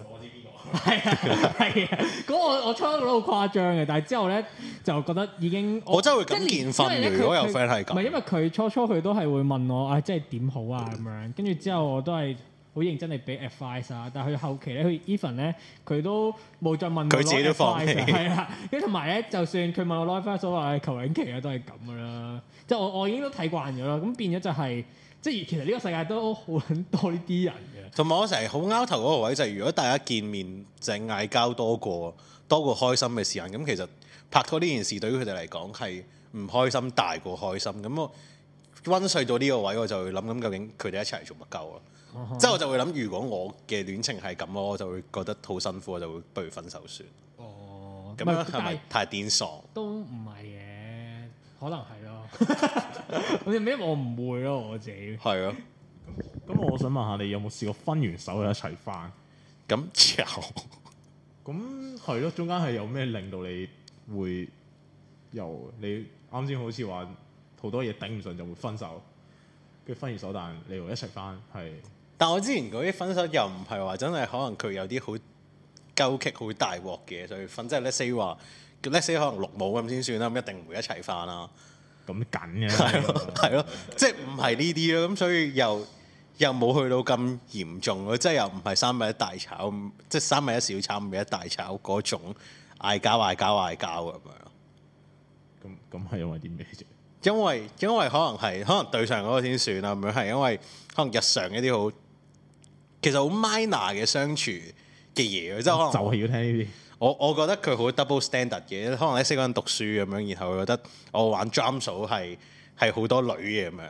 係啊，係啊，咁我我初初覺得好誇張嘅，但係之後咧就覺得已經我真係會咁，即係年份如果有 friend 係咁，唔係因為佢初初佢都係會問我啊，即係點好啊咁樣，跟住之後我都係好認真地俾 advice 啊，但係佢後期咧，佢 even 咧佢都冇再問我。佢自己都放棄。係啦，跟住同埋咧，就算佢問我攞 advice，我話啊，求其啊，都係咁噶啦，即係我我已經都睇慣咗啦，咁變咗就係、是。即係其實呢個世界都好撚多呢啲人嘅。同埋我成日好拗頭嗰個位就係，如果大家見面淨係嗌交多過多過開心嘅時間，咁其實拍拖呢件事對於佢哋嚟講係唔開心大過開心。咁我温睡到呢個位，我就會諗：咁究竟佢哋一齊做乜鳩啊？即、uh huh. 之後我就會諗，如果我嘅戀情係咁咯，我就會覺得好辛苦，我就會不如分手算。哦、uh。咁、huh. 樣係咪但 太癲傻？都唔係嘅，可能係咯、啊。你咩 <laughs> 我唔會咯，我自己。係啊的，咁 <laughs> 我想問下你有冇試過分完手又一齊翻？咁咁係咯，中間係有咩令到你會由你啱先好似話好多嘢頂唔順就會分手，跟住分完手但你又一齊翻係？但我之前嗰啲分手又唔係話真係可能佢有啲好糾激好大鑊嘅所以分，即係 let say 話，let say 可能六冇咁先算啦，咁一定唔會一齊翻啦。咁緊嘅，係咯係咯，即係唔係呢啲咯，咁所以又又冇去到咁嚴重咯，即係又唔係三日一大炒，即係三日一小炒，五日一大炒嗰種嗌交嗌交嗌交咁樣咯。咁咁係因為啲咩啫？因為因為可能係可能對上嗰個先算啦，唔係因為可能日常一啲好其實好 minor 嘅相處嘅嘢，即係可能就係要睇呢啲。我我覺得佢好 double standard 嘅，可能喺西港讀書咁樣，然後覺得我玩 drums 係係好多女嘅咁樣，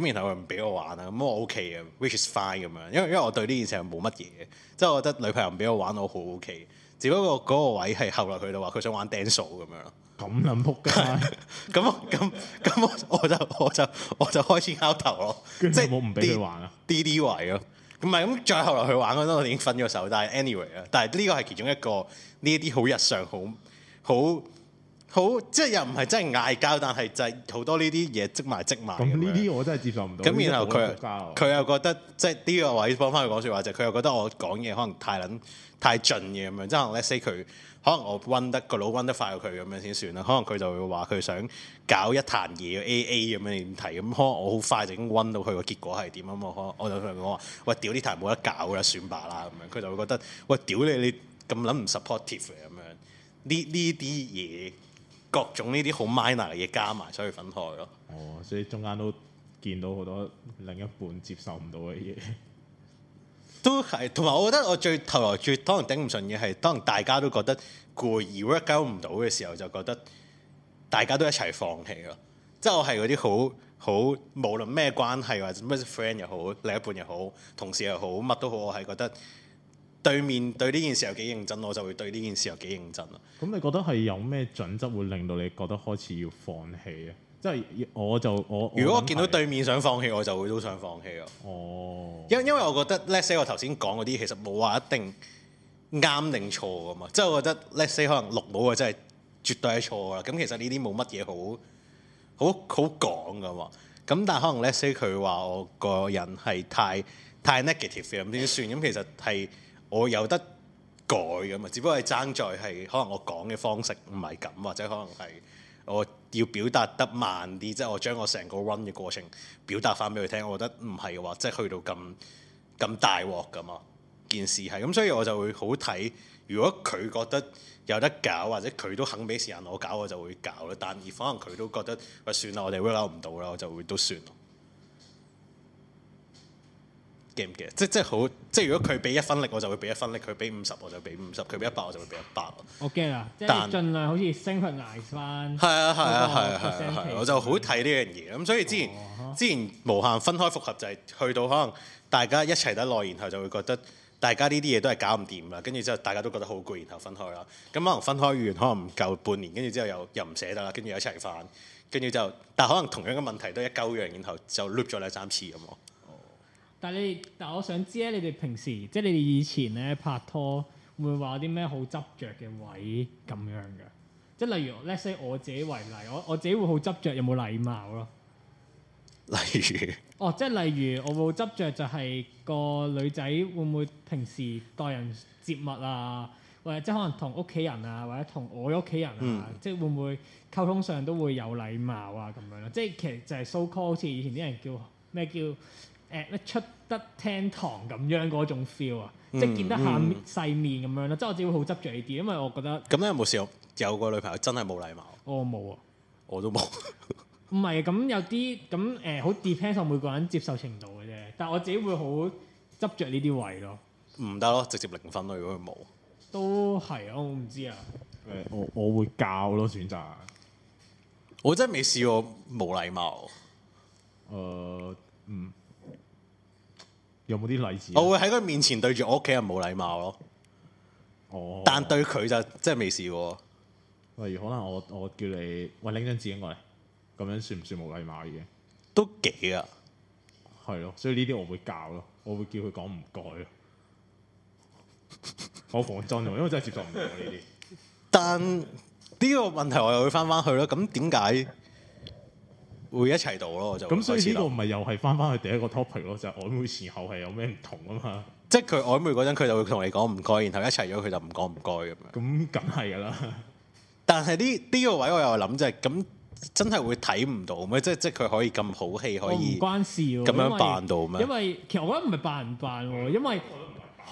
咁然後佢唔俾我玩啦，咁我 OK 嘅，which is fine 咁樣，因為因為我對呢件事係冇乜嘢嘅，即係我覺得女朋友唔俾我玩我好 OK，只不過嗰個位係後來佢就話佢想玩 dance 咁樣咯。咁撚撲街，咁咁咁我我就我就我就，我就開始拗頭咯，即係冇唔俾佢玩啊，d 啲位咯。唔係咁，再後來去玩嗰陣，我哋已經分咗手。但係 anyway 啦，但係呢個係其中一個呢一啲好日常、好好好，即係又唔係真係嗌交，但係就係好多呢啲嘢積埋積埋。咁呢啲我真係接受唔到。咁然後佢佢又覺得即係呢個位幫翻佢講説話就係佢又覺得我講嘢可能太撚太盡嘅咁樣，即係可能 let's say 佢。可能我溫得個腦溫得快過佢咁樣先算啦。可能佢就會話佢想搞一壇嘢 A A 咁樣嘅題，咁可能我好快就已經溫到佢個結果係點，咁我我就同佢講話：喂，屌呢壇冇得搞啦，算罷啦咁樣。佢就會覺得：喂，屌你你咁諗唔 supportive 咁樣。呢呢啲嘢各種呢啲好 minor 嘅嘢加埋，所以分開咯。哦，所以中間都見到好多另一半接受唔到嘅嘢。都係，同埋我覺得我最頭來最，可能頂唔順嘅係，當大家都覺得攰而 work out 唔到嘅時候，就覺得大家都一齊放棄咯。即係我係嗰啲好好，無論咩關係或者咩 friend 又好，另一半又好，同事又好，乜都好，我係覺得對面對呢件事有幾認真，我就會對呢件事有幾認真咯。咁你覺得係有咩準則會令到你覺得開始要放棄啊？即係，我就我。如果我見到對面想放棄，我就會都想放棄咯。哦。因因為我覺得 let's say 我頭先講嗰啲其實冇話一定啱定錯噶嘛。即係我覺得 let's say 可能六冇啊，真係絕對係錯啊。咁其實呢啲冇乜嘢好好好講噶喎。咁但係可能 let's say 佢話我個人係太太 negative 咁點算？咁、嗯、其實係我有得改噶嘛。只不過係爭在係可能我講嘅方式唔係咁，或者可能係我。要表達得慢啲，即係我將我成個 run 嘅過程表達翻俾佢聽，我覺得唔係嘅話，即係去到咁咁大鑊咁啊件事係，咁、嗯、所以我就會好睇，如果佢覺得有得搞或者佢都肯俾時間我搞，我就會搞咯。但而可能佢都覺得，喂、哎、算啦，我哋 work out 唔到啦，我就會都算咯。即即係好，即係如果佢俾一分力，我就, 50，我就會俾一分力；佢俾五十，我就俾五十；佢俾一百，我就會俾一百。我驚啊！即係盡量好似升級捱翻。係啊係啊係啊，係我就好睇呢樣嘢咁，所以之前、哦、之前無限分開複合就係、是、去到可能大家一齊得耐，然後就會覺得大家呢啲嘢都係搞唔掂啦，跟住之後大家都覺得好攰，然後分開啦。咁可能分開完，可能唔夠半年，跟住之後又又唔捨得啦，跟住一齊翻，跟住就但可能同樣嘅問題都一鳩樣，然後就 loop 咗兩三次咁咯。但你，但我想知咧，你哋平時即係你哋以前咧拍拖會唔會話啲咩好執着嘅位咁樣嘅？即係例如，let's say 我自己為例，我我自己會好執着，有冇禮貌咯。例如，哦，即係例如我會執着，就係個女仔會唔會平時待人接物啊，或者即係可能同屋企人啊，或者同我屋企人啊，嗯、即係會唔會溝通上都會有禮貌啊咁樣啦。即係其實就係 so called 好似以前啲人叫咩叫。誒，一出得廳堂咁樣嗰種 feel 啊，嗯、即係見得下面、嗯、細面咁樣咯，即係我自己會好執着呢啲，因為我覺得咁樣。有冇試過有個女朋友真係冇禮貌？我冇、哦、啊，我都冇。唔係啊，咁有啲咁誒，好 depends 我每個人接受程度嘅啫，但係我自己會好執着呢啲位咯。唔得咯，直接零分咯，如果佢冇。都係我唔知啊。誒、欸，我我會教咯選擇。我真係未試過冇禮貌。誒、呃、嗯。有冇啲例子？我會喺佢面前對住我屋企人冇禮貌咯。哦，oh. 但對佢就真係未試過。例如可能我我叫你喂，拎張紙巾過嚟，咁樣算唔算冇禮貌已嘅？都幾㗎？係咯，所以呢啲我會教咯，我會叫佢講唔該。 <laughs> 我放鬆喎，因為真係接受唔到呢啲。 <laughs> 但呢個問題我又會返返去咯。咁點解？會一齊到咯，我就咁所以呢度唔係又係翻翻去第一個 topic 咯，就係曖昧時候係有咩唔同啊嘛！即係佢曖昧嗰陣，佢就會同你講唔該，然後一齊咗，佢就唔講唔該咁樣。咁梗係㗎啦！但係呢呢個位我又諗就係咁，真係會睇唔到咩？即係即係佢可以咁好戲，可以唔關事咁樣扮到咩？因為其實我覺得唔係扮唔扮，因為。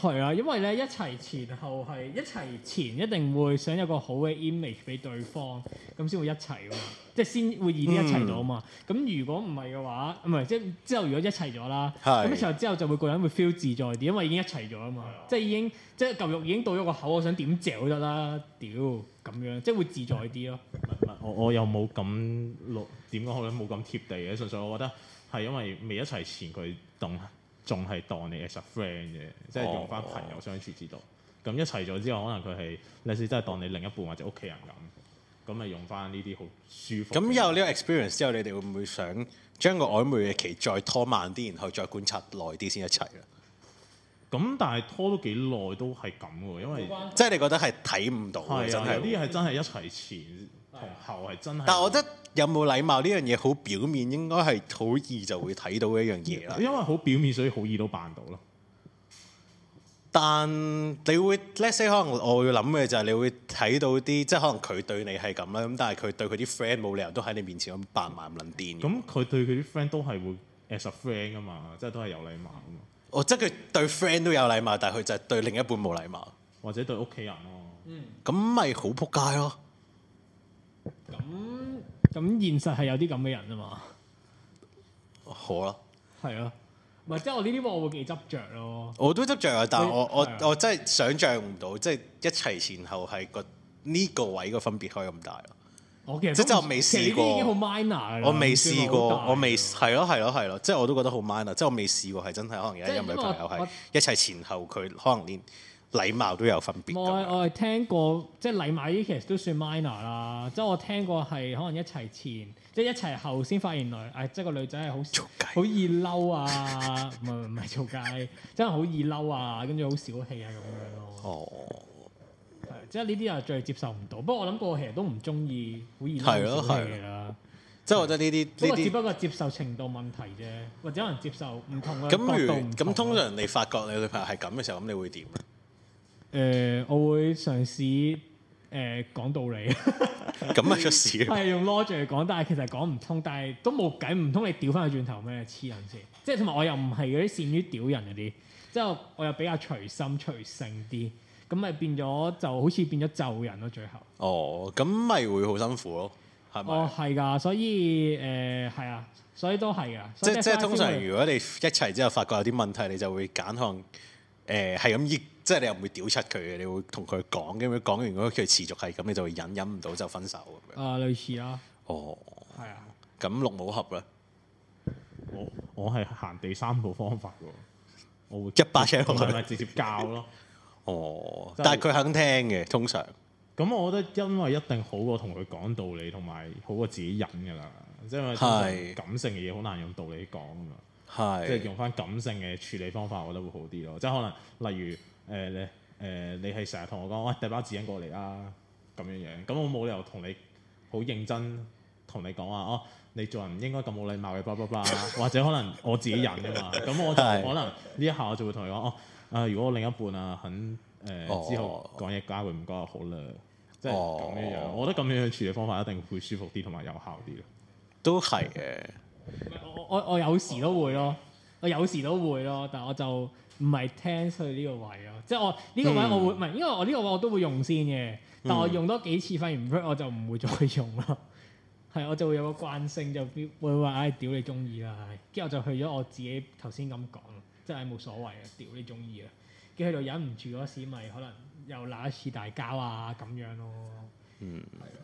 係啊，因為咧一齊前後係一齊前一定會想有個好嘅 image 俾對方，咁 <laughs> 先會一齊㗎嘛，即係先會易啲一齊咗啊嘛。咁如果唔係嘅話，唔係即之後如果一齊咗啦，咁是、啊、之後之後就會個人會 feel 自在啲，因為已經一齊咗啊嘛，是啊即係已經即係嚿肉已經到咗個口，我想點嚼都得啦。屌咁樣，即係會自在啲咯。 <laughs> 唔係， <laughs> 我又有我又冇咁落點講好咧，冇咁貼地嘅。純粹我覺得係因為未一齊前佢凍。仲係當你 ex friend 嘅，即係是 用翻朋友相處之道。咁、哦、一齊咗之後，可能佢係，甚至真係當你另一半或者屋企人咁，咁咪用翻呢啲好舒服。咁有呢個 experience 之後，你哋會唔會想將個曖昧嘅期再拖慢啲，然後再觀察耐啲先一齊啦？咁但係拖都幾耐都係咁喎，因為即係你覺得係睇唔到，係啊，真有啲係真係一齊前。同後係真係，但係我覺得有冇禮貌呢樣嘢好表面，應該係好易就會睇到一樣嘢啦。因為好表面，所以好易都辦到咯。但你會，Let's say，可能我會諗嘅就係你會睇到啲，即係可能佢對你係咁啦，咁但係佢對佢啲 friend 冇理由都喺你面前咁扮埋唔撚癲。咁佢對佢啲 friend 都係會 as a friend 㗎嘛，即係都係有禮貌啊嘛。哦、嗯，即係佢對 friend 都有禮貌，但係佢就係對另一半冇禮貌，或者對屋企人咯、啊。嗯。咁咪好仆街咯！咁咁現實係有啲咁嘅人啊嘛，好啦吧，係啊，唔係即係我呢啲我會幾執着咯，我都執着啊，但係我我我真係想象唔到，即係一齊前後係個呢個位個分別可以咁大咯，我嘅即係我未試過，我未試過，我未係咯係咯係咯，即係我都覺得好 minor，即係我未試過，係真係可能有一任女朋友係一齊前後佢可能連。禮貌都有分別。我我係聽過，即係禮貌呢啲其實都算 minor 啦。即係我聽過係可能一齊前，即係一齊後先發現來，誒、啊，即係個女仔係好好易嬲啊，唔係唔係做雞，真係好易嬲啊，跟住好小氣啊咁樣咯。哦，即係呢啲就最接受唔到。不過我諗過我其實都唔中意好易嬲嘅嘢啦。即係我覺得呢啲呢個只不過接受程度問題啫，或者可能接受唔同嘅角度，唔同角度如。咁如咁通常你發覺你女朋友係咁嘅時候，咁你會點咧？誒、呃，我會嘗試誒、呃、講道理，咁咪出事？係用 logic 嚟、er、講，但係其實講唔通，但係都冇計。唔通你調翻去轉頭咩黐撚線？即係同埋我又唔係嗰啲善於屌人嗰啲，之後我，我又比較隨心隨性啲，咁咪變咗就好似變咗咒人咯最後。哦，咁咪會好辛苦咯，係咪？哦，係㗎，所以誒係啊，所以都係㗎。即即係通常如果你一齊之後發覺有啲問題，你就會揀可能誒係咁依。呃 <laughs> 即係你又唔會屌出佢嘅，你會同佢講，咁樣講完嗰，佢持續係咁，你就會忍忍唔到就分手咁樣。哦、啊，類似咯。哦。係啊。咁綠帽俠咧？我我係行第三套方法嘅，我會一把車佢咪直接教咯。 <laughs> 哦。就是、但係佢肯聽嘅，通常。咁我覺得因為一定好過同佢講道理，同埋好過自己忍噶啦。即係因為感性嘅嘢好難用道理講啊嘛。係是。即係用翻感性嘅處理方法，我覺得會好啲咯。即係可能例如。例如誒、呃、你誒你係成日同我講，「喂遞包紙巾過嚟啦」，咁樣樣，咁我冇理由同你好認真同你講話哦，你做人唔應該咁冇禮貌嘅，巴拉巴拉，或者可能我自己忍嘅嘛，咁 <laughs> 我就 <laughs> 可能呢一下我就會同佢講哦，啊如果我另一半啊肯誒、呃哦、之後講嘢加會唔該好啦，即係咁樣樣，哦、我覺得咁樣嘅處理方法一定會舒服啲同埋有效啲咯是、嗯，都係嘅，我我有時都會咯，我有時都會咯，但我就。唔係 tense 呢個位咯，即係我呢個位我會唔係，嗯、因為我呢個位我都會用先嘅，但我用多幾次發現唔 fit 我就唔會再用咯。係 <laughs> 我就會有個慣性就變會話唉、哎、屌你中意啦，跟住我就去咗我自己頭先咁講，真係冇所謂啊屌你中意啦，跟住就忍唔住嗰時咪可能又鬧一次大交啊咁樣咯。嗯，係咯。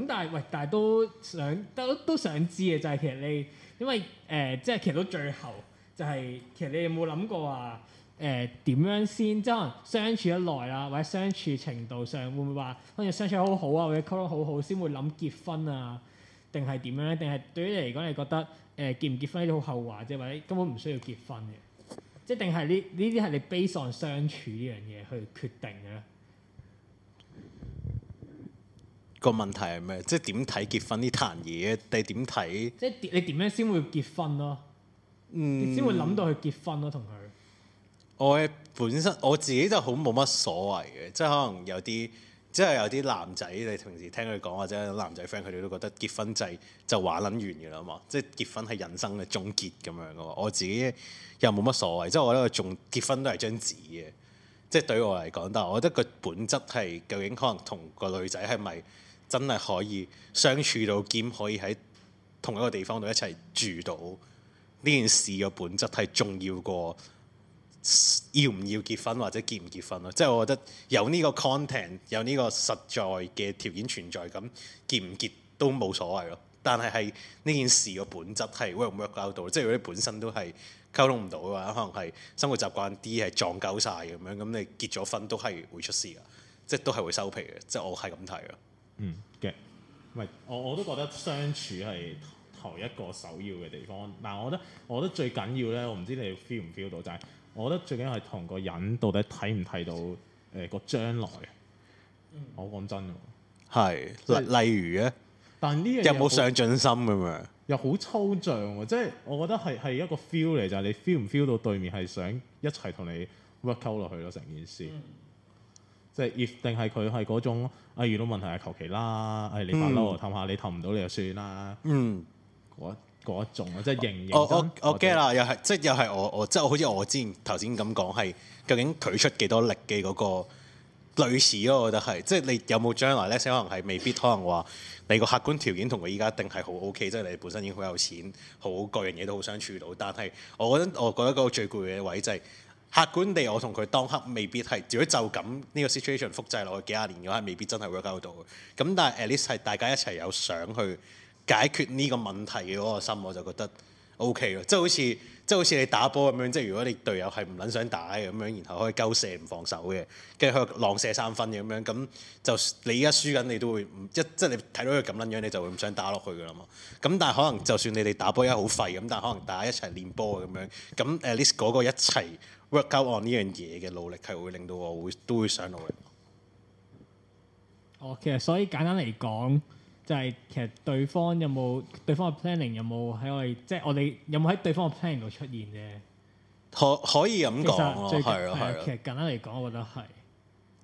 咁但係喂，但係都想都都想知嘅就係、是、其實你因為誒、呃、即係其實到最後。就係其實你有冇諗過話誒點樣先，即係可能相處一耐啊，或者相處程度上會唔會話可能相處好好啊，或者溝通好好，先會諗結婚啊，定係點樣咧？定係對於你嚟講，你覺得誒、呃、結唔結婚呢啲好後話啫，或者根本唔需要結婚嘅，即係定係呢呢啲係你 base on 相處呢樣嘢去決定嘅咧？個問題係咩？即係點睇結婚呢壇嘢，定係點睇？即係你點樣先會結婚咯？你先會諗到去結婚咯，啊，同佢。我本身我自己就好冇乜所謂嘅，即係可能有啲，即係有啲男仔，你平時聽佢講或者男仔 friend 佢哋都覺得結婚就係就玩撚完嘅啦嘛。即係結婚係人生嘅終結咁樣嘅嘛。我自己又冇乜所謂，即係我覺得仲結婚都係張紙嘅。即係對我嚟講，但係我覺得個本質係究竟可能同個女仔係咪真係可以相處到兼可以喺同一個地方度一齊住到？呢件事嘅本質係重要過要唔要結婚或者結唔結婚咯。即係我覺得有呢個 content 有呢個實在嘅條件存在，咁結唔結都冇所謂咯。但係係呢件事嘅本質係 work 唔 work out 到咯。即如果你本身都係溝通唔到嘅話，可能係生活習慣啲係撞鳩晒咁樣，咁你結咗婚都係會出事嘅，即係都係會收皮嘅。即係我係咁睇咯。嗯嘅，喂，我我都覺得相處係，頭一個首要嘅地方，嗱，我覺得我覺，、就是、我覺得最緊要咧，我唔知你 feel 唔 feel 到，就係我覺得最緊要係同個人到底睇唔睇到誒、呃、個將來。我講真，係例是、就是、例如嘅，但呢樣有冇上進心咁樣，又好抽象喎，即、就、係、是、我覺得係係一個 feel 嚟，就係你 feel 唔 feel 到對面係想一齊同你 work out 落去咯，成件事。即係、嗯、if 定係佢係嗰種，啊、哎、遇到問題係求其啦，誒、哎、你發嬲我氹下，你氹唔到你就算啦，嗯。嗰一嗰種即係營營。我我我 get 啦，又係即係又係我我即係好似我之前頭先咁講，係究竟佢出幾多力嘅嗰個類似咯，我覺得係即係你有冇將來咧，可能係未必可能話你個客觀條件同佢依家一定係好 OK，即係你本身已經好有錢，好，好各樣嘢都好相處到。但係我覺得我覺得嗰個最攰嘅位就係客觀地，我同佢當刻未必係，如果就咁呢個 situation 複製落去幾廿年嘅話，未必真係 work out 到。咁但係 at least 係大家一齊有想去。解決呢個問題嘅嗰個心，我就覺得 O K 咯。即係好似，即係好似你打波咁樣。即係如果你隊友係唔撚想打嘅咁樣，然後可以勾射唔放手嘅，跟住佢浪射三分嘅咁樣，咁就你依家輸緊，你都會唔一即係、即係、你睇到佢咁撚樣，你就會唔想打落去噶啦嘛。咁但係可能就算你哋打波一好廢咁，但係可能大家一齊練波咁樣，咁 at least 嗰個一齊 work out on 呢樣嘢嘅努力係會令到我會都會想努力。哦，其實所以簡單嚟講。就係其實對方有冇對方嘅 planning 有冇喺我哋即係我哋有冇喺對方嘅 planning 度出現啫？可可以咁講咯，係啊，係啊。的其實簡單嚟講，我覺得係，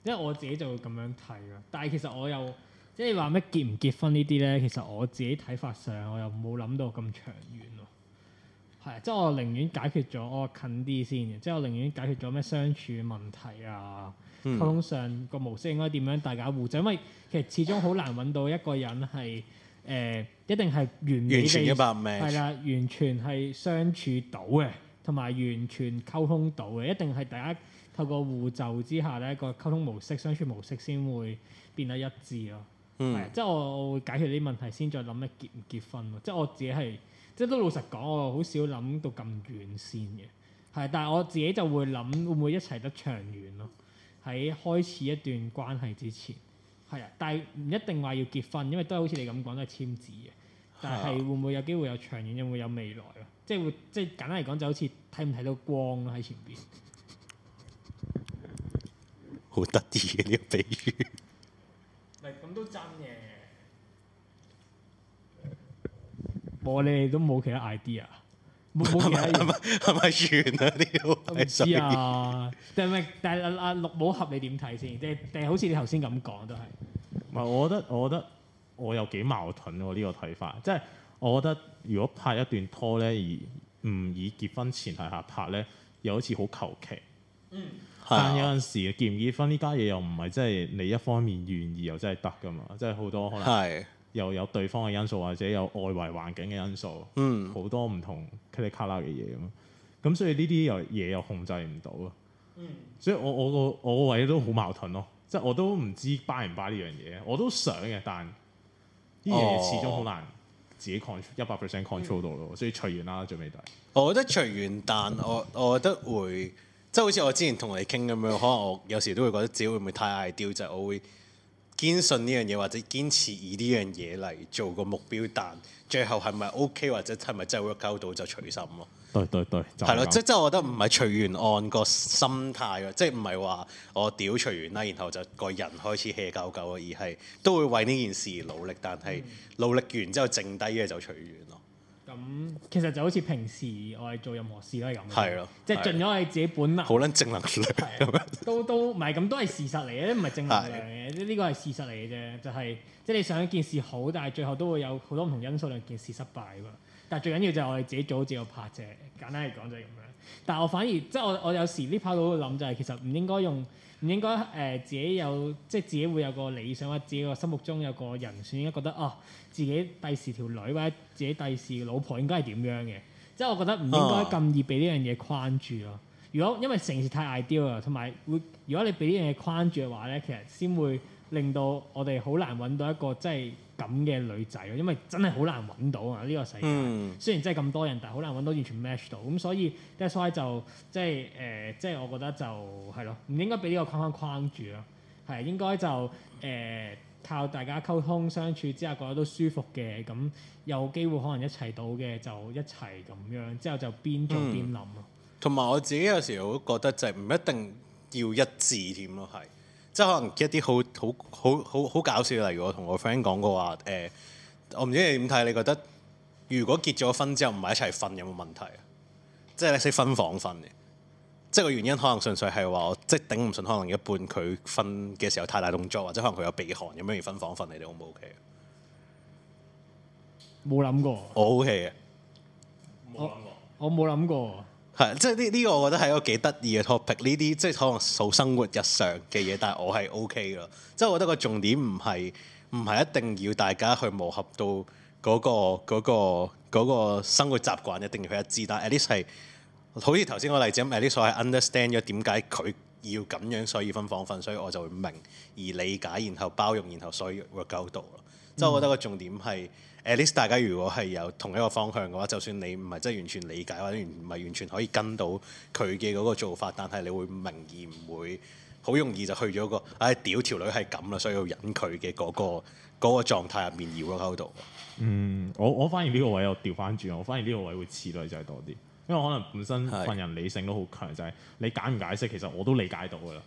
因為我自己就會咁樣睇啦。但係其實我又即係話咩結唔結婚呢啲咧？其實我自己睇法上，我又冇諗到咁長遠喎。係即係我寧願解決咗我、哦、近啲先嘅，即、就、係、是、我寧願解決咗咩相處問題啊。溝通上個模式應該點樣？大家互就，因為其實始終好難揾到一個人係誒、呃，一定係完美地係啦，完全係相處到嘅，同埋完全溝通到嘅。一定係大家透過互就之下咧，個溝通模式、相處模式先會變得一致咯。係、嗯、即係我，我會解決呢啲問題先，再諗一結唔結婚咯。即係我自己係即係都老實講，我好少諗到咁完善嘅係，但係我自己就會諗會唔會一齊得長遠咯。喺開始一段關係之前，係啊，但係唔一定話要結婚，因為都係好似你咁講，都係簽字嘅。但係會唔會有機會有長遠，有冇有未來咯？即係會，即係簡單嚟講，就好似睇唔睇到光喺前邊。好得意嘅呢個比喻。唔係，咁都真嘅。 <laughs> 我，你哋都冇其他 idea。冇，係咪係咪完啊？啲我唔知啊。但係，但係阿阿綠帽俠，你點睇先？定定好似你頭先咁講都係。唔係，我覺得我覺得我有幾矛盾喎。呢個睇法，即係我覺得如果拍一段拖咧，而唔以結婚前提下拍咧，又好似好求其。嗯。但有陣時結唔結婚呢家嘢又唔係，即係你一方面願意又真係得噶嘛？真係好多可能。係。又有對方嘅因素，或者有外圍環境嘅因素，好、mm. 多唔同噼里卡拉嘅嘢咁。咁所以呢啲又嘢又控制唔到，mm. 所以我我個我個位都好矛盾咯。即係我都唔知 buy 唔 buy 呢樣嘢，我都想嘅，但呢樣嘢始終好難自己 control 一百 percent control 到咯。Oh. 所以隨緣啦，最尾就。我覺得隨緣，但我我覺得會即係好似我之前同你傾咁樣，可能我有時都會覺得自己會唔會太嗌吊，就係、是、我會。堅信呢樣嘢，或者堅持以呢樣嘢嚟做個目標，但最後係咪 OK，或者係咪真係會溝到就隨心咯。對，對對，就係、對，係咯，即即係我覺得唔係隨緣按個心態啊，即係唔係話我屌隨緣啦，然後就個人開始 hea 鳩鳩啊而係都會為呢件事而努力，但係努力完之後剩低嘅就隨緣咯。咁、嗯、其實就好似平時我哋做任何事都係咁嘅，的即係盡咗我哋自己本能。好撚的的正能量咁的 <laughs> 都都唔係咁，都係事實嚟嘅，都唔係正能量嘅，呢個係事實嚟嘅啫，就係、是、即係你想一件事好，但係最後都會有好多唔同因素令件事失敗喎。但係最緊要就係我哋自己做好自己個拍啫，簡單嚟講就係咁樣。但係我反而即係我我有時呢排到諗就係、是、其實唔應該用，唔應該誒、呃、自己有即係自己會有個理想或者自己個心目中有個人，先應該覺得哦。自己第時條女或者自己第時老婆應該係點樣嘅？即係我覺得唔應該咁易俾呢樣嘢框住咯。如果因為城市太 ideal 啊，同埋會如果你俾呢樣嘢框住嘅話咧，其實先會令到我哋好難揾到一個即係咁嘅女仔咯。因為真係好難揾到啊！呢個世界，嗯，雖然真係咁多人，但係好難揾到完全 match 到。咁所以 that's why，就即係誒，呃即係我覺得就係咯，唔應該俾呢個框框框住咯。係應該就誒。呃靠大家溝通相處之下，覺得都舒服嘅，咁有機會可能一齊到嘅就一齊咁樣，之後就邊做邊諗咯。同埋、嗯、我自己有時我都覺得就係唔一定要一致添咯，係即係可能一啲好好好好好搞笑嘅，例如我同我 friend 講過話誒、欸，我唔知你點睇，你覺得如果結咗婚之後唔係一齊瞓有冇問題啊？即係你識分房瞓嘅。即係個原因，可能純粹係話，即係頂唔順，可能一半佢瞓嘅時候太大動作，或者可能佢有鼻鼾，咁樣而分房瞓，你哋好唔 O K？冇諗過。我 O K 嘅。我我冇諗過。係，即係呢呢個，我覺得係一個幾得意嘅 topic。呢啲即係可能數生活日常嘅嘢，但係我係 O K 嘅。即係我覺得個重點唔係唔係一定要大家去磨合到嗰個嗰個嗰個嗰個生活習慣一定要去一致，但係 at least 係。好似頭先個例子咁，at least 我係 understand 咗點解佢要咁樣，所以分房瞓，所以我就會明而理解，然後包容，然後所以會溝到咯。即係、so, 我覺得個重點係，at least 大家如果係有同一個方向嘅話，就算你唔係真係完全理解，或者唔係完全可以跟到佢嘅嗰個做法，但係你會明而唔會好容易就去咗個唉、哎、屌條女係咁啦，所以要忍佢嘅嗰個嗰、那個狀態入面而會溝到。嗯，我我反而呢個位我調翻轉，我反而呢個位會黐女仔多啲。因為可能本身份人理性都好強，就係、是、你解唔解釋，其實我都理解到噶啦。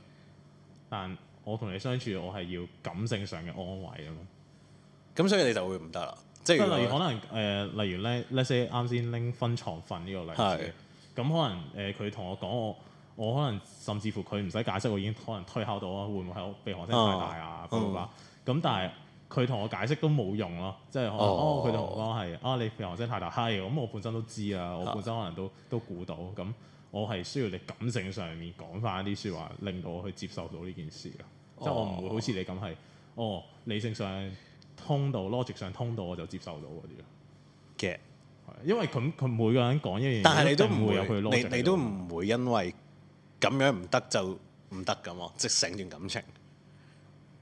但我同你相處，我係要感性上嘅安慰啊嘛。咁所以你就會唔得啦。即、就、係、是、例如可能誒、呃，例如咧 let say 啱先拎分床瞓呢個例子，咁可能誒，佢同我講我我可能甚至乎佢唔使解釋，我已經可能推敲到啊，會唔會係我鼻鼾聲太大啊？咁樣啦。咁但係佢同我解釋都冇用咯，即係、oh, 哦，佢同我係、oh, 啊，你鼻鼾聲太大，係咁，我本身都知啊，oh. 我本身可能都都估到，咁我係需要你感性上面講翻一啲説話，令到我去接受到呢件事咯，即係、oh. 我唔會好似你咁係哦，理性上通道 l o g i c 上通道」，我就接受到嗰啲咯嘅，因為佢佢每個人講一樣嘢，但係你都唔會有佢 l 你都唔會因為咁樣唔得就唔得咁喎，即係成段感情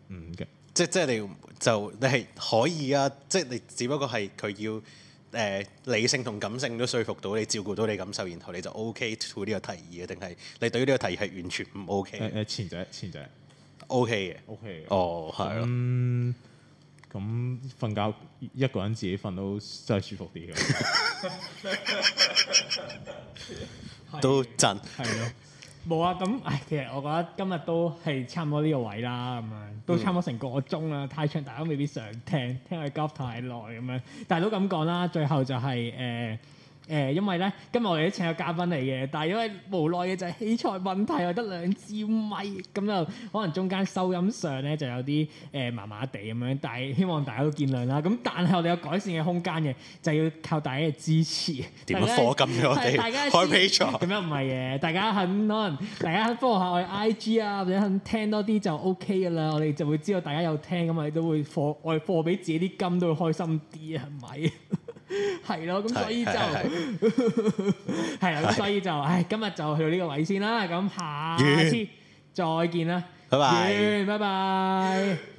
唔嘅。嗯即即係你就你係可以啊！即係你只不過係佢要誒理性同感性都說服到你，照顧到你感受，然後你就 O K to 呢個提議啊，定係你對於呢個提議係完全唔 O K？誒誒前者前者 O K 嘅 O K 哦係啊。咁瞓覺一個人自己瞓都真係舒服啲嘅，都震係咯。冇啊，咁唉、哎，其實我覺得今日都係差唔多呢個位啦，咁樣、嗯、都差唔多成個鐘啦，太長大家都未必想聽，聽落歌太耐咁樣，大佬咁講啦，最後就係、是、誒。呃誒，因為咧，今日我哋都請咗嘉賓嚟嘅，但係因為無奈嘅就係器材問題，我得兩支咪，咁就可能中間收音上咧就有啲誒麻麻地咁樣，但係希望大家都見諒啦。咁但係我哋有改善嘅空間嘅，就要靠大家嘅支持。點樣課金我哋？大家支持。咁樣唔係嘅，大家肯可能大家幫下我哋 IG 啊，或者肯聽多啲就 OK 嘅啦。我哋就會知道大家有聽咁啊，我哋都會課我哋課俾自己啲金都會開心啲啊，係咪？係咯，咁所以就係啦，咁 <laughs> 所以就，唉，今日就去到呢個位先啦，咁下次再見啦，完完拜拜，拜拜。